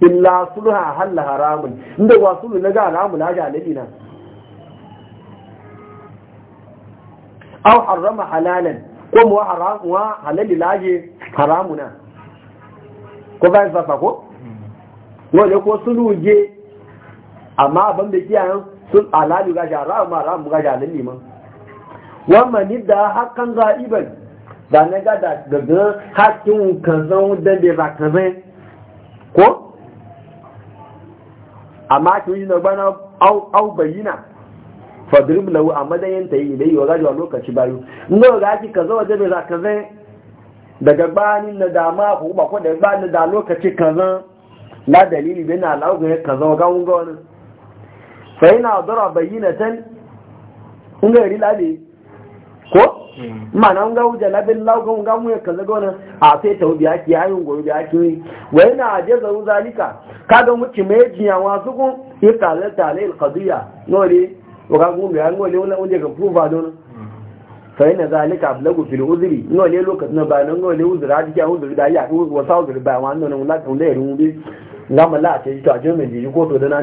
illa sulha halla haramun inda wa sulhu na ga haramun na ga alabi na aw harrama halalan ko mu haram wa halali laje haramuna ko ba sa ko wale ko sulhu je amma ban da kiyayen sun alalu ga haram haram ga halali ma wa man da hakan za'iban da na ga da gaga hakkin kazan da bai ba kazan ko amma ki yi na gbana au bayyana fadrim lau a madayin ta yi da yi wa gajiwa lokaci bayu ngo ga gaji kaza waje bai za kaza daga gbani na dama ko ba ko daga gbani da lokaci kaza Na dalili bai na lawo ga kaza ga ngo wani fa ina dara bayyinatan ngo ri labe ko mm. mana nga wuja na bin lawo ga ngo mu kaza ga wani a sai tawbiya ki ayin gobe ki wai na ajaza zalika kada wuce mai jiya wasu kun yi talar talar ilkadiyya nori waka gumi ya nole wani wunde ga fufa don sai na zalika ablagu fil uzuri nole lokacin ba nan nole uzuri a cikin uzuri da ya wasa uzuri ba wani nan wula kan da irin a mai jiri ko to da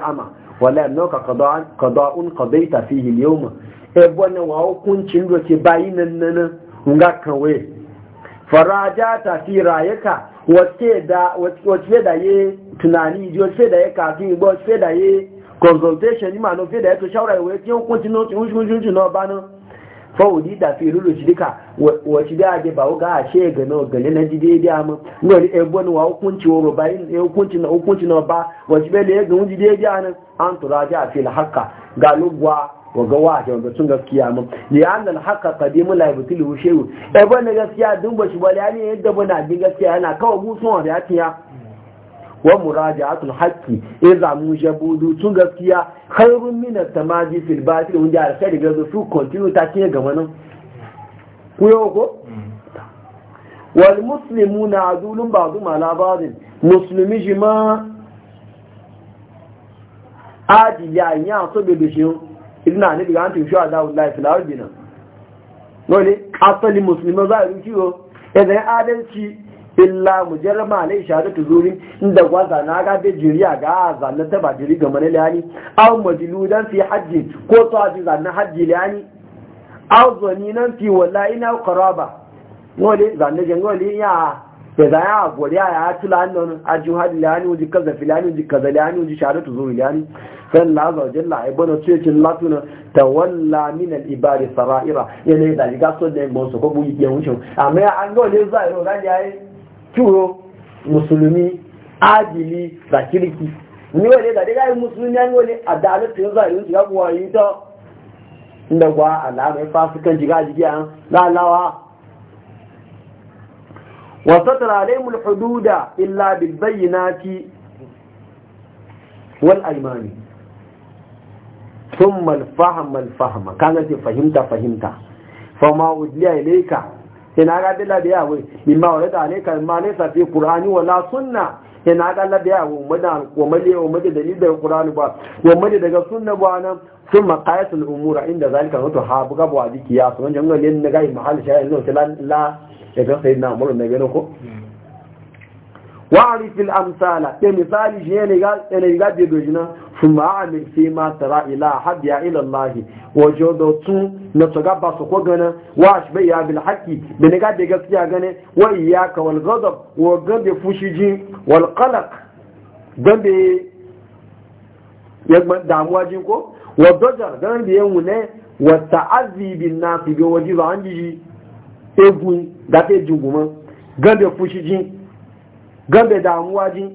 ama e rayaka wace da ye tunani wace da ye kafin igbo wace da ye consultation ni na no da ye to shawara iwe ti o kun ti no na ba na fawudi da fi lulu shi duka wace da ake ba ga a ce ga no na jide da mu ngori e bon wa hukunci woro ba in e hukunci na hukunci na ba wace bele ya ga mu jide da nan an tura a fi alhaqa ga lugwa wa ga wa ga ga tun gaskiya mu li anna alhaqa qadimu la yubtilu shay'u e bon gaskiya dun ba shi ba ne yadda bana bi gaskiya yana kawo gusun wa ya tiya wa muraja'atul haqqi idza mujabudu tun gaskiya khairun min at-tamaji fil batil wanda alkhairi ga su continue ta ce ga manan ku yau ko wal muslimuna adulun ba'dhum ala ba'd muslimi jima adi ya nya so be bishin idna ne ga antu sha da wallahi fil ardina dole asali muslima za a yi idan adalci illa mujarrama alai shahadatu zuri inda gwaza na ga be jiriya ga zanna ta ba jiri ga manali liyani aw majludan fi hajji ko to aji zanna hajji liyani aw zaninan fi wallahi na qaraba ngole zanna je ngole ya be da ya gori ya ya tula annon aju hajji liyani uji kaza filani uji kaza liyani uji shahadatu zuri liyani san la za jalla ai bana ce latuna tawalla min al ibadi saraira yana da riga so da mo so ko bu yi yan amma an gole za ro ga yayi turo musulmi ajili da kiriki ni wale da dai musulmi ne wale a da da tun zai yi ga kuwa yi to inda kwa alama fa su kan jiga jiga an lalawa wa satara alaihim alhududa illa bil bayyinati wal aymani thumma al fahm al fahma kana ce fahimta fahimta fa ma wujliya ilayka ina ga dilla da yawo min ma wala da ne kan ma ne safi qur'ani wala sunna ina ga dilla da yawo mu da ko mu da mu da dalil da qur'ani ba ko mu da daga sunna ba nan thumma qayatul umura inda zalika wato ha buga ba diki ya so jango ne ne ga mahal shay'in no la la da ga sai na mulu ne ga ko wa arifil amsala ke misali je ne ga ne ga de dojina fuma amin fi ma tara ila hadiya ila Allah wa jodo tun na tuga ba su ko gana wa shibai ya bil haki bin ga de gaskiya gane wa iyaka wal ghadab wa gabe fushi jin wal qalaq gabe yagba damuwa jin ko wa dajar gabe yanwu ne wa ta'azi bin nafi ga waji ba an ji egun da te juguma gabe fushi jin gabe damuwa jin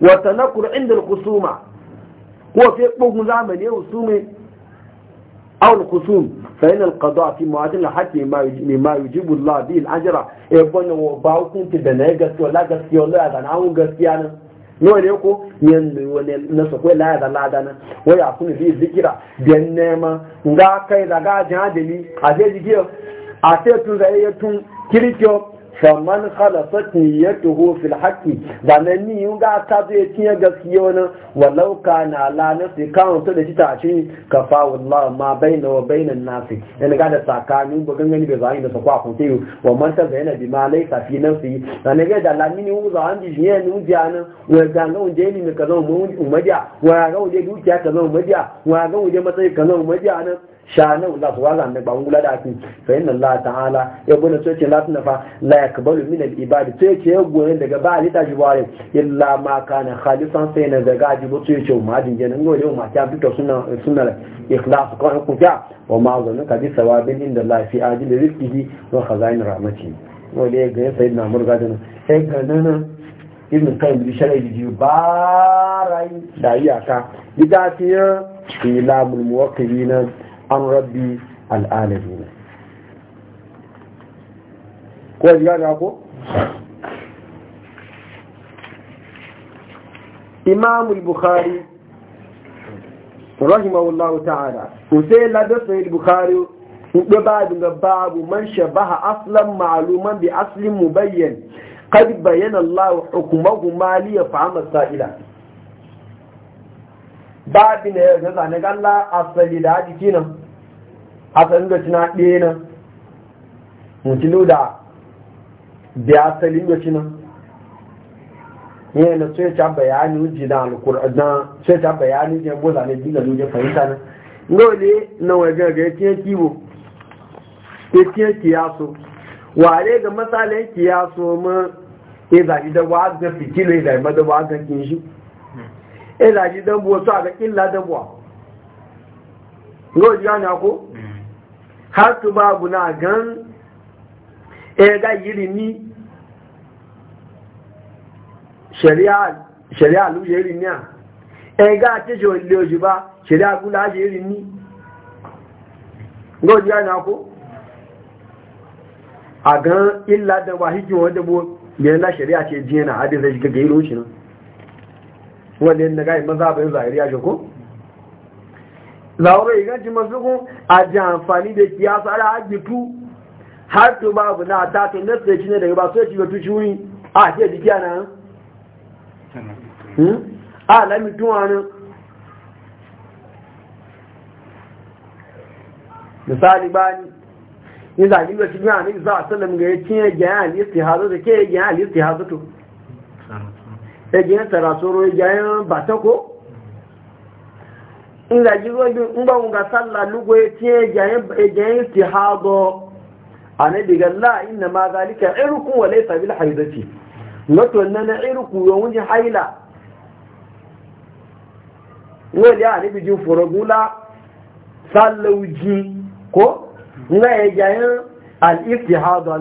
wa tanakur inda al-khusuma ko fi bugun zamani ya husumi aw al-khusum fa inna alƙadu a fi mu'adil al-hakim mimma yujibu Allah bi al-ajra e bonna wa ba hukunci da na gaskiya la gaskiya la da na hun gaskiya nan no ne ko yan wani na so ko la da la da nan wa ya kunu bi zikira biyan nema nga kai daga jadeli a je jigiyo a sai tun zai yi tun kirkiyo faman khalafat niyyatuhu fil haqqi da nan ni yun ga ta zai tiya gaskiya wani walau kana la nafsi kan to da kita ce kafa wallahi ma baina wa baina nafsi yana ga da sakani ba gangani bai zai da sakwa kun tayu wa man ta zaina bi ma laysa fi nafsi dan ga da lami ni yun za an ji ne ni ka wa dukiya ka wa matsayi ka shanu za su waza da bangula da ake fa inna Allah ta'ala ya gona sai ce la tuna fa la yakbalu min al ibadi sai ce ya gona daga ba ali ta jibare illa ma kana khalisan sai na daga jibu sai ce ma din jin ngore ma ta fito suna sunna ikhlas ko ku ja wa ma zanu ka bi sawabin inda Allah fi ajli rizqihi wa khazain rahmati dai ga na murga da sai ga nan ibn kayyim bi shar'i ba rai da iyaka bidatiya ila muwaqqilina an rabbi al'alabi ne ko ya gane ko? imam bukhari rahimahullah ta'ala usai ladasa bukhari daba'a babu ga babu man shabaha aslan ma'aluman bi aslin mubayyan kadi bayyana Allah hukumahu ma li sa'ila babi na yau zane galla asali da kinan a asalin da cina ɗaya nan mutilu da biya asalin da cina yana na sai ta bayani uji da alkur'an sai ta bayani da mu zane diga luje fahimta na dole na waje ga yake kiwo yake kiyaso ware ga matsalin kiyaso ma ya zaɓi da wa'azin ga ya zabi da wa ga kinshi ila ji dambu wasu a ga illa dambuwa goji gani ako har tu babu na gan e ga yiri ni shari'a lu yiri ni a e ga ti jo ile oju ba shari'a gula yiri ni goji gani ako a gan illa dambuwa hijin wadda bo yana shari'a ce jiyana adin zai shiga ga irin shi nan wani yadda gani maza bayan zahiri a ko zaure iganci masu kun a ji amfani da kiyasa da hajjitu har to abu na ta to na tsaye ne daga ba su ci batu shi wuri a ke jiki ana hmm? a lami tuwa nan misali ni in zagi da cikin anabi za a sallam ga ya cinye gyan alistihazo da ke gyan alistihazo to ẹgbẹ́ tara sọ́rọ̀ ìjáyán bàtọ́kó ìlàjíwọ́jú ngbàwùnga sálà lúgbọ́ tí ẹjáyán ti ha gọ́ àníbìgà láà iná máa zalika irukun wà lè sàbílá haizọ́tì lọ́tọ̀ nana irukun yóò wúnjẹ haila wọ́n lè àníbìjì fòrògúnlá sálà ujì kó ngbà ẹjáyán al'ifti ha gọ́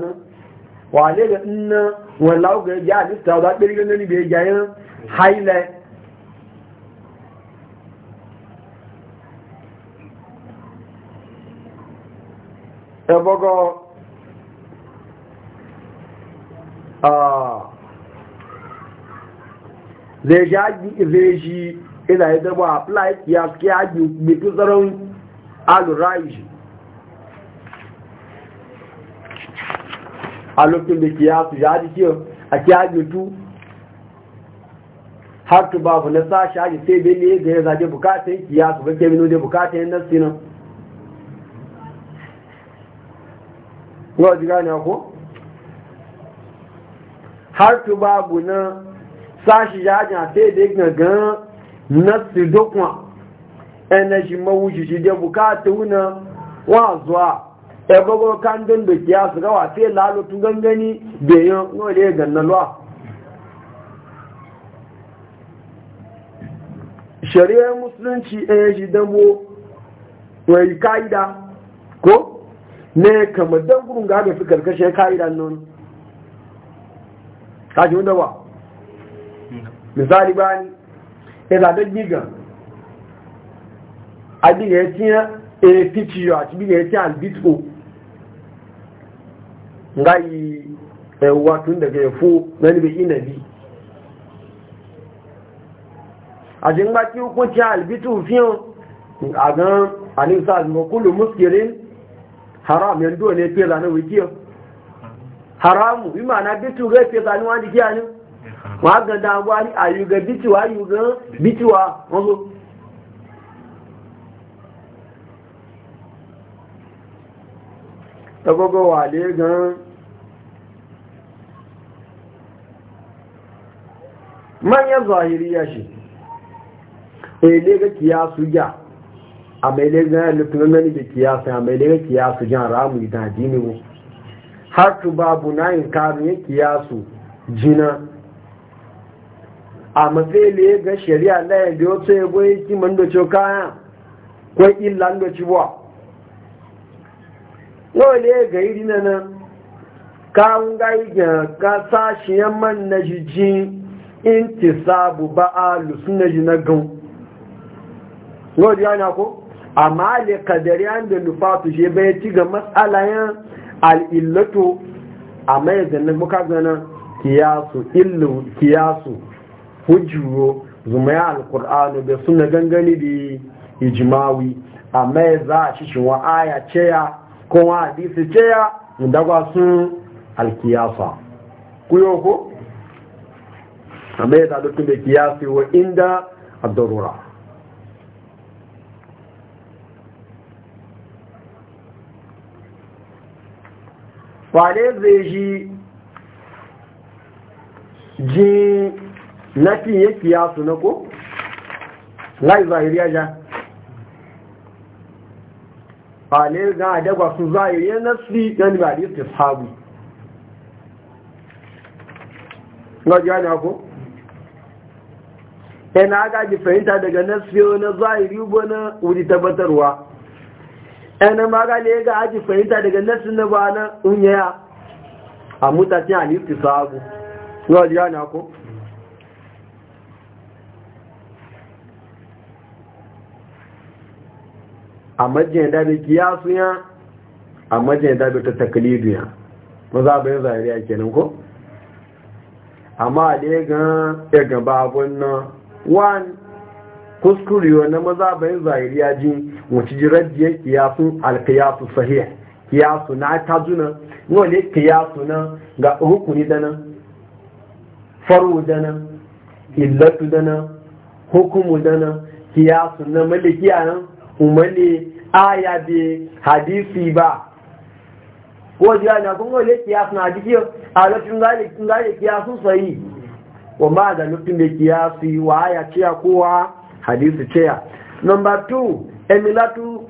wà lè ga wallahu ga ya ji ta ba ɗari ganin bai ga yin haila ebogo zai ji ina yi dabo a flight ya fi yaji tsaron a lokacin da kiyasu ya ji kiyo a kiyaye tu har tu babu na sa shi haji sai bai ne da ya zaje bukatun kiyasu ba ke minu da nasi nan sinan wa ji gane ko har tu babu na sa shi ya ji a sai da gangan na sidokwa energy mawuji shi da bukatun na wa zuwa ebogo kan don da kiya su gawa sai lalotu gangani da yi ya ganna gannalwa shari'ar musulunci ɗaya eh, shi damo wai ka'ida ko ne kamar don gudun ga fi karkashe ka'idan nan kashi wanda ba misali bani ya eh, zaɓe gigan a biya ya tiya a eh, fitiyo a cibiya ya tiya albitko ngayi ewuwa eh, tun daga ya fo na nibe inabi a jin ba ki hukunci albitu fiyan a gan alisa almakulu muskirin haram yanzu ne fiye zanen wikiyar haramu ima ma'ana bitu ga fiye zanen wani kiya ne ma ga damuwa ni a yi ga bituwa yi ga bituwa wazo ta gan manyan ya shi ele eh, ga kiyasu ja a mai lega lufin gani da kiyasa a mai lega kiyasu jan ramu idan jini mu har tu babu na yin karu ya kiyasu jina a matsayi ga shari'a na yadda ya ce goyi kiman da ce kaya ko illa da ci buwa wale ga irina na nan kawun ga yi ka sashiyan man na jijin intisabu ba'alu sunna na gan ngodi yana ko amma le kadari an da nufatu shi bai ci ga matsalayen al'ilatu. a mai zanen muka gana kiyasu illu kiyasu hujjuro zumaya al-qur'anu da suna gangani ijimawi a mai za a cikin wa aya ceya ko hadisi ceya mu dagwa sun al-kiyasa yau ko amma ya da tun da kiyasi wa inda a darura wane zai ji ji na fiye kiyasu na ko? lai zahiriya ja za a dagwa su zahiriya na fi yan ba da yake sabu na ji ko? yana ji fahimta daga nasiyo na zahiri ko na wuri tabbatarwa yana gane ga gaji fahimta daga nasi na ba na unyaya a mutacin halittu sabu yau jiya yana ko a majiyar dabe kiyasu ya a majiyar bai ta takalidu ya ma za a bayan zahiri a kenan ko amma a ya gan ya gaba abun nan one kuskure na maza bayan zahiriya ji wace jiyar kiyasun alkiyasu sahih kiyasu na tajuna wani kiyasu na ga hukuni dana faru dana illatu dana hukumu dana kiyasu na a nan umarni aya bi hadisi ba ko jiya na kun wani kiyasu na hadisi a lokacin gane kiyasu sahihi wa ma da nufin da kiyasi wa aya kowa hadisi ciya number 2 emilatu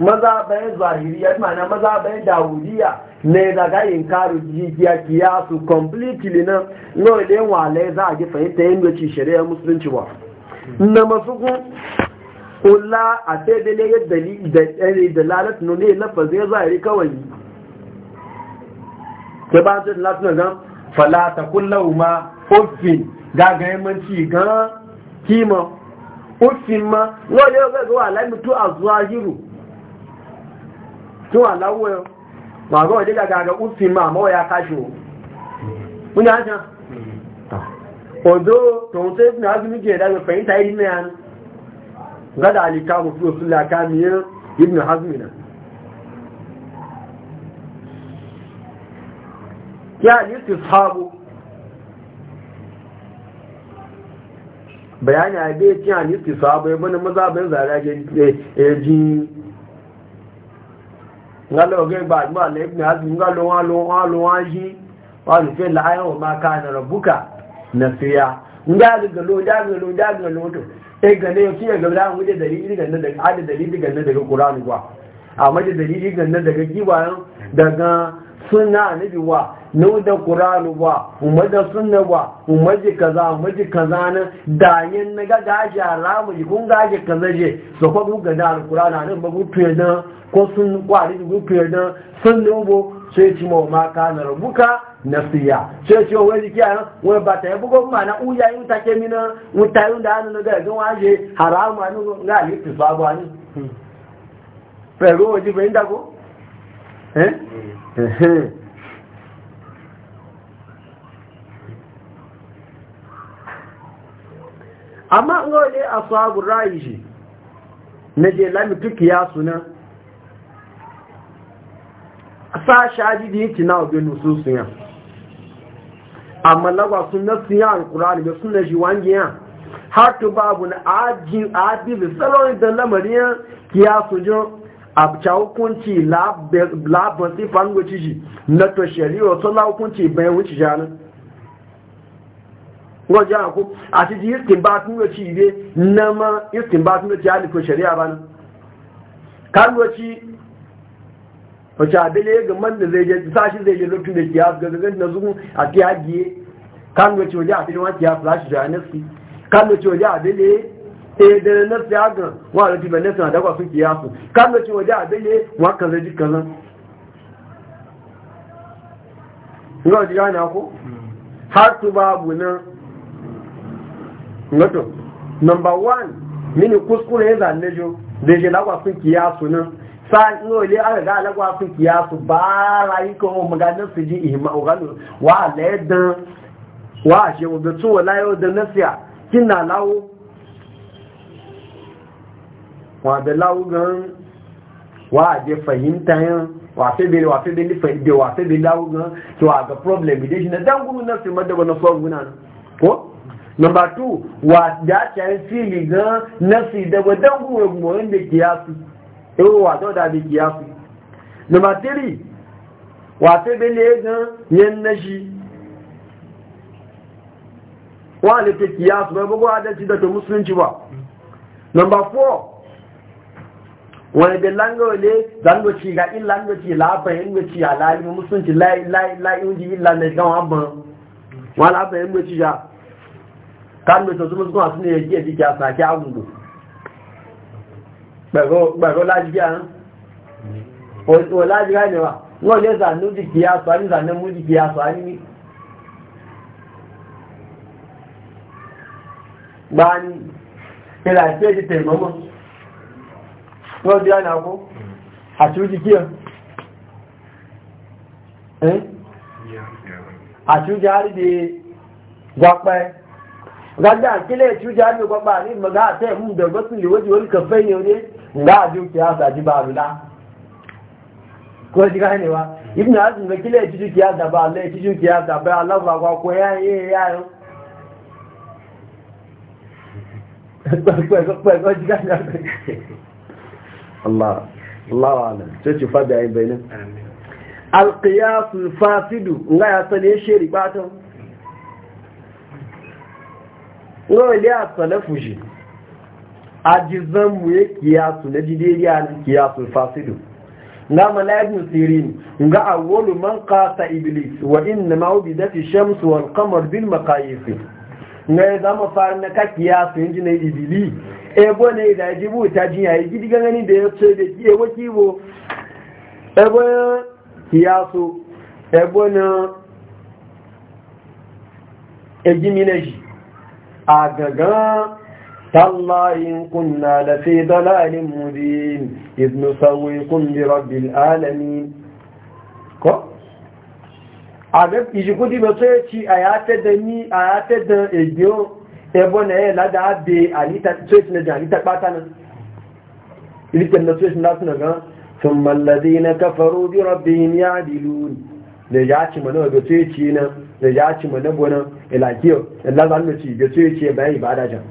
maza zahiri zahiriya ma'ana maza bayan dawudiya na daga yin karu jijiya kiyasu completely na no ile wale za a ji fahimta yin doci shari'ar musulunci ba na masu kun kula a sai dai ne yadda dalalat eh, no ne lafazin zahiri kawai ke ba su dalalat na zan falata kulla ma ofi gagayen manci gan kima ofin ma wọ́n yóò gẹ́gẹ́ wà láìmí tó àzúwá yìírù tó àláwọ̀ ẹ̀ wà gọ́ ma àmọ́ ya káṣù ó ní àjá ọ̀dọ́ tòun tó ní azumi jẹ́ ìdájọ́ fẹ̀yìntà ìdí náà gádà àlìká mú fún òfin làkà ibn hazmi na kí ti bayani a bai cin niski sabai wani maza bai zara ji eh, eh, ngalo gai ba ma le ibn hazm ngalo walo walo waji walo fe la ayo ma kana rabbuka nasiya ga galo da galo da galo to e gane yake ya gaba mu da dalili ganna daga da dalili ganna daga qur'ani kwa amma da dalili ganna daga gibayan daga sunna annabi wa nau da ƙuranu ba umar da suna ba umar ji kaza umar ji kaza na dayen na ga gaji haramu ji kun gaji kaza je su kwa buga da alƙuranu nan ba gutu ya dan ko sun kwari gutu ya dan sun nubo sai ci ma ma ka na rubuka na siya sai ci wai ji kiyan wani ba ta yi bugon ma na uya yi ta ke mina wuta yi da hannu ga gan waje haramu hannu ga alifi sabu hannu. Pero oji bai ko? Eh? Mm. eh, eh. amma an ga ne a sabu rayi shi na je lamitu kiyasu nan sa shaji da yake na obi nususun suna, amma lagwa suna suna siya alkurani da suna na shi wange ya har to babu na ajin adil tsaron da lamarin ya kiyasu jo a ca hukunci labin sifan wuce shi na to shari'a sun la hukunci bayan wuce janin wọ́n jẹ́ àkó àti ti ìsìnbá tún ló ti ìwé nẹ́mọ́ ìsìnbá tún ló ti àlìkò ṣẹ̀rí àbánu wace wacce abele ga man da zai je sashi zai je lokacin da kiyas ga gagan na zugun a Kan kárùwọ́ci waje a filin wani za lashi da Kan kárùwọ́ci waje abele e da na nasi aga wa rafi ba nasi na dagwa sun kiyasu kárùwọ́ci waje abele wa kan zai ji kazan. Nga wajen gane ko? Har su babu nan wato number one mini kuskure ya zanne jo da shi lagwa sun kiyasu nan sa'an ino ile aka ga lagwa sun kiyasu ba rayu ko maganin su ji ihima oganu wa laidan wa shi obi tuwa layo da nasiya kin na lawo wa da lawo gan wa je fahimta yan wa fe bere wa fe bere fahimta wa fe bere lawo gan to a ga problem idan shi na danguru na su madaba na fagun nan ko Number two, wa da ta yi fili gan nasi e da wadan guwe moyin da kiyasu, ewu wa da da kiyasu. Number three, wa ta bele gan yin nashi. Wa ne ta kiyasu bai bugu adalci da ta musulunci ba. Number four, wani da langole zangoci ga in langoci labarin goci a lalimin musulunci layi layi layi yi illa na gawa ban. Wa labarin goci ya. kánú ìtọ́jú mọ́sùkún àti ní ẹgbẹ́ ìdíkẹ́ àsàkí àgùnbò pẹ̀rọ lájíjá ọlájíjá ìnira wọ́n lé zanúdì kí a sọ ne ní múdì kí a sọ àníní gbá ní ìlà ìfẹ́ ti tẹ̀mọ́ mọ́ wọ́n bí ọ̀nà kú àti ó ti kí ọ àti ó jẹ́ àrídìí gbapẹ́ ganda kila ya cuci hannu gwamba ni ma za a taya mun da wasu liwaji wani kafai ne wani za a ji kiyasa ji ba rula ko ji gane ba ibn azum da kila ya cuci kiyasa ba Allah ya cuci kiyasa ba Allah ba kwa ko ya ye ya yi ko ya gane Allah Allah wa alam sai wọ́n ilé àtọ̀lẹ́fù ṣe ajizanmu ya kiyasu na jideriya kiyasu fasidu na malayin sirin ga awwalu man qata iblis wa inna ma ubidati shamsu wal qamar bil maqayis ne zama fara na ka kiyasu inji na ibili ebo ne da e jibu ta jin yayi gidigan e gani da ya ce da ki ebo kibo ebo kiyasu ebo na e na shi a gaga tallayin kunna da fi dalalin mubin iznu sauyi kun bi rabbil ko a ga iji ba sai a ya ta ni a ya ta da egiyo ebo na ya lada abe alita sai na da alita bata nan ilikin na sai na suna ga sun mallazi na kafaru bi rabbihim ya da ya ci mana ga sai ci na da ya ci mana bonan ilakiyo Allah zan da ci gaso yi bai ibada jan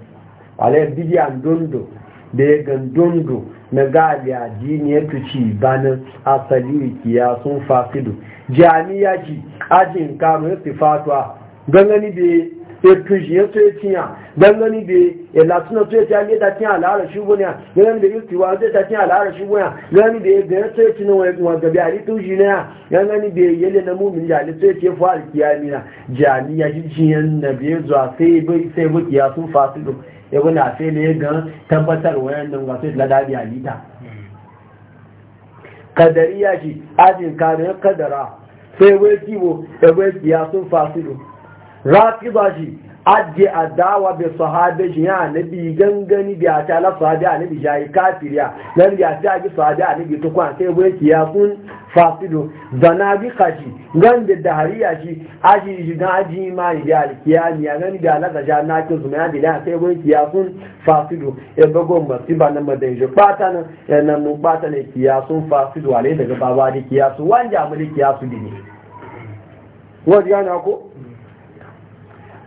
wala an dondo da ya dondo na gali dini ya tuci banin asali kiya sun fasidu jami'a ci ajin karo ya fatuwa gangani da etujiye to ya cinya gangani da ya lasuna to ya ci hanyar ta e cinya al'ara shi buniya e gangani da yukiwa zai ta cinya al'ara shi buniya da ya gaya to ya ci nan gabi a lituji na ya gangani da ya yele na mumin jali to ya ce fa alkiyami na jali ya ji ciyan na biye zuwa sai bai sai bai ya sun fasu duk ya wani a sai gan tabbatar wayan nan wasu ladabi a lita kadariya ajin kare kadara sai rafida shi ajiye adawa bai sahabe shi ya nabi gangani bi a tala sahabe a nabi jayi kafiriya nan ya fi bi sahabe a nabi tukwa sai bai kiya sun fasido zana bi kashi gan da dahariya shi aji shi gan aji ma ni da ni a gani da alaka sha na kin su mai da sai bai kiya sun fasido ya bago ba na madan shi bata nan ya nan mun bata ne kiya sun fasido a daga baba kiya su wanda mu kiya su dine wani ko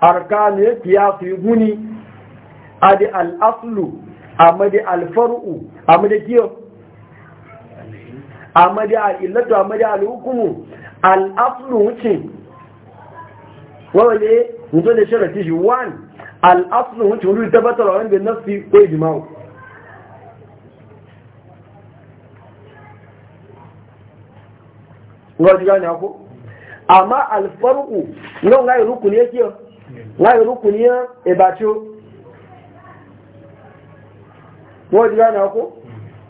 arkanu ya kiyasu yi guni adi al'aslu amadi alfaru'u amadi kiyo amadi al'illatu amadi al'hukumu al'aslu wuce wawale mutu da sharafi shi one al'aslu wuce wuri tabbatar wa wanda nafsi ko ijima'u ngọ́jú gani ako amma alfaru'u náà yi rukuni ya kiyo láì rúkùn ní ẹ̀bà tí ó wọ́n jí lánàá kó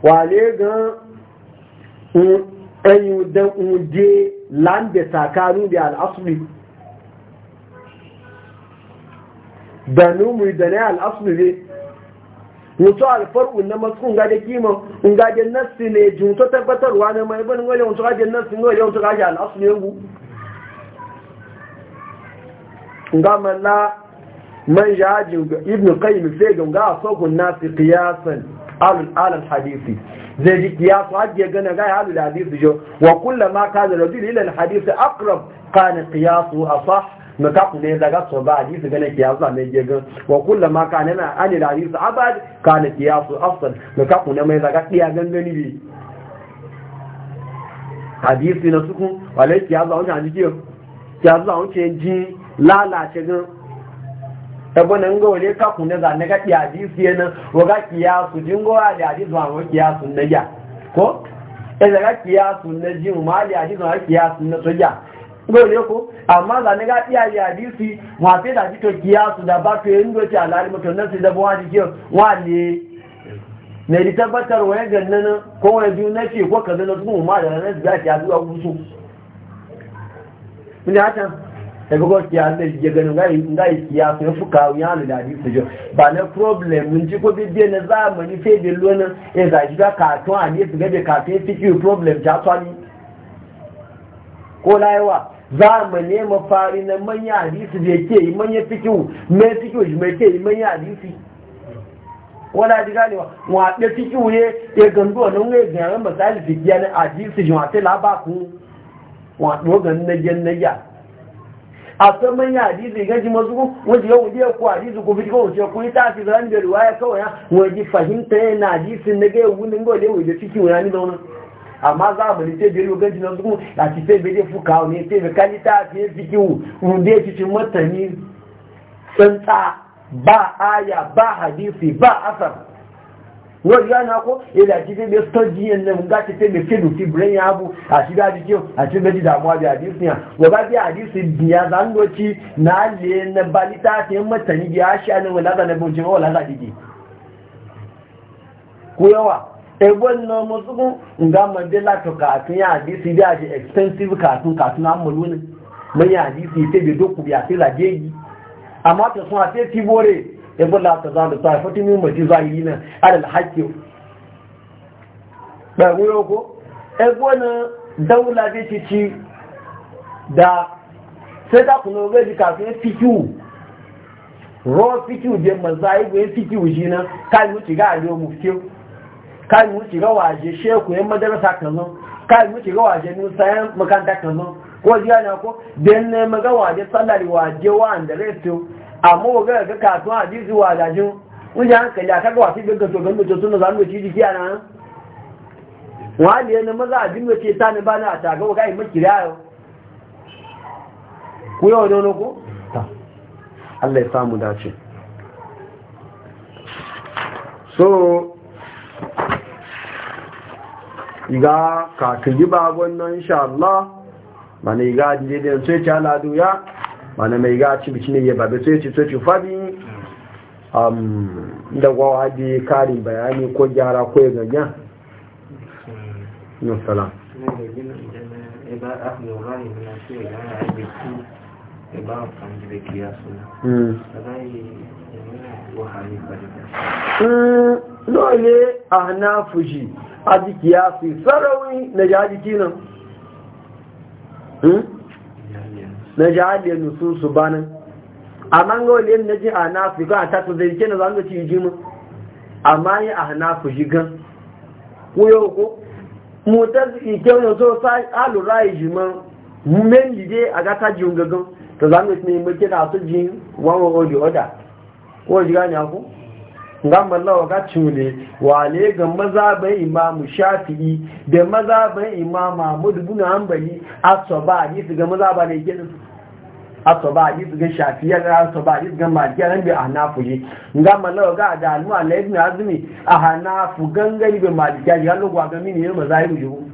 wà lè gan ẹ̀yìn òdé láńdẹ̀ tàkàrù bí al'asùlì dànúmù ìdànẹ́ al'asùlì rẹ̀ mutu alfar'un na masu kun ne jun tabbatarwa na mai bin wani wasu gaje nassi ne wajen wasu gaje ngama la man yajin ibn qayyim sai ga sokun nasi qiyasan alal hadisi zai ji kiyasu ga na gaya alul hadisi jo wa kullama kana rajul ila al hadisi aqrab kana qiyasu asah maka ne daga so ba hadisi gane kiyasu mai ga wa kullama kana na ani da hadisi abad kana kiyasu afsal maka ne mai daga kiya gangani bi hadisi na suku walai kiyasu wajen hadisi ya zuwa wuce ji lalace gan ebe na nga wale kakun na zane ga kiyadi su yana waga kiyasu jingo ya da hadisu a wani su na e ya ko ina ga su na ji ma da hadisu a su na soja ngo ko amma zane ga kiyadi hadisi ma fe da jito kiyasu da ba ndo ci alali mutum na da kiyo ne di tabbatar ko wani biyu na ce ko na su ma da nan su ga kiyasu gusu inda hatan daga gwaki ya zai shige ganin ngayi kiya su fuka wuya da dadi su jo ba na problem mun ji ko bibiyar na zamani fe da lona ya zaji ga katon a ne su gaje katon ya fi problem ta tsani ko layewa zamani mafari na manya hadisi da ke yi manya fikiu mai fikiu shi mai yi manya hadisi wala ji ganewa wa ɗaya fikiu ne ya gandu wani wani ganin misali fikiya na hadisi shi wa laba labakun wato ga nagen nagya a san manya hadisi gaji masu wajen yau wajen ku hadisi ku fiti kowace ku yi tafi zan da ruwaya kawai wajen fahimta yana hadisin na gaya wunin gole wajen cikin wani da wani amma za mu ne da bere gaji na zuku a ti sai bere fuka ne sai bere kalita fiye fiki runde cikin matani tsantsa ba aya ba hadisi ba asar wọ́n yóò yára kó ilẹ̀ àti pé bẹ́ẹ̀ tọ́jú yẹn lẹ́nu láti pé bẹ́ẹ̀ kéde òfin bìrẹ́ yẹn abú àti bí adìjẹ́ àti bẹ́ẹ̀ ti dààmú abẹ́ àdìsí yẹn wọ́n bá bí àdìsí bìyà zanlọ́tì náà lè ní balita àti mọ̀tàn níbi àṣà ni lásán ẹ̀bùn jẹ́ wọ́n lásán dìde. kúyọ́wà ní ọmọ sókún nga mọ̀dé kàtún àdìsí bí àti expensive kàtún kàtún àdìsí ìfẹ́ ya bula ta zalu ta fatu min mace yi na alal haqqi ba guyo ko e gona daula da ci da sai ta kuno ga ji kafin fikiu ro fikiu je mazai go fikiu jina kai mu ci ga ajo mu fikiu kai mu ci ga waje sheku yan madarasa kazan kai mu ci ga waje nusa yan makanta kazan ko jiya na ko den ne magawa je sallari waje wa andare to amma waga ga kasuwa a jizu wa dajin wunja hankali a kaga wasu gaggato gan mutu suna za mu ci jiki a nan wani yana maza a jimla ce ta ni bani a taga waga yi maki rayo ku yau ne wani ku? ta Allah ya samu dace so iga kakin yi babon nan insha Allah mana ga jide da yanzu ya ce aladu ya wani mai ga ci bici ne ya babe sai ce ce fadi da gwawa da karin bayani ko gyara ko ya ganya nusala hmm. hmm. dole a na fushi jiki ya na jajiki na ji haliyar nusu su banin amma ga wani na ji a na fi kan a tafi zai ke na za mu ci ji mu amma yi a na ji gan kuyo ko motar ike wani so sa alura yi ji ma men lide a ga ta ji yunga gan Ta za mu ci mai kira su ji wani wani oda ko ji gani ako gama wa ga cule wale ga mazaban imamu shafi'i da mazaban imama mudu bin hanbali asaba su ga mazaba ne gidansu asọba izga shafiya ga asọba izga majiya nan bi ahnafu yi nga malawa ga da almu ala ibn azmi ahnafu gangani bi majiya ya lo gwa gami ne ma zai ruju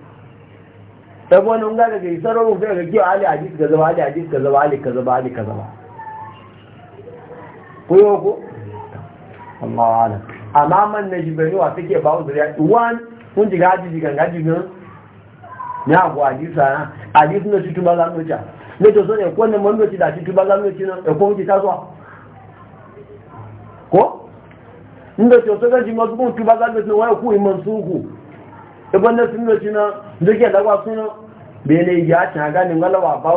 sabo nan ga ga isaro mu ga ki ali hadis ga zaba ali hadis ga zaba ali kaza ba ali kaza ba ko yo ko Allah ala amma man ne jibelu wa take ba uzuri wan kun ji gaji ji ganga ji ne ya gwa hadisa hadis ne tutu ba zan wuce lẹ́jọ́ sọ́nà ẹ̀kọ́ ní mọ́ lóòtí dàti tí bá lámìlòtí náà ẹ̀kọ́ oúnjẹ sáṣọ́ kó nílòtí ọ̀sọ́gẹ́ jí mọ́tún tí bá lámìlòtí wọ́n ẹ̀kú ìmọ̀ súnkù ẹgbọ́n lẹ́sí lóòtí náà lókè ẹ̀dàgbà súnà bẹ̀rẹ̀ ìyá àti àgá ní ngọ́lọ́wà bá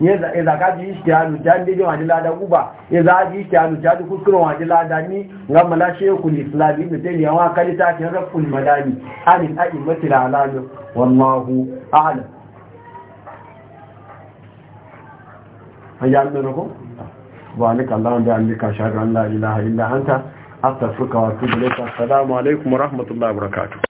Be ne ya ìzàkájì ìṣẹ́ àlùjá dédé wọn àdíládá gúbà ìzàkájì ìṣẹ́ àlùjá kúkúrò wọn àdíládá ní ngamala shekul islam ibi tẹ́lẹ̀ àwọn akálítà kí wọ́n rẹ̀ fún ìmọ̀dá ni a ní láì mọ́tìlá aláàlú wọn máa hu áàlù an yi ko ba ni kallon da an lika shahararren la'ila illa hanta after suka wasu da laifin salamu alaikum rahmatullahi wabarakatuh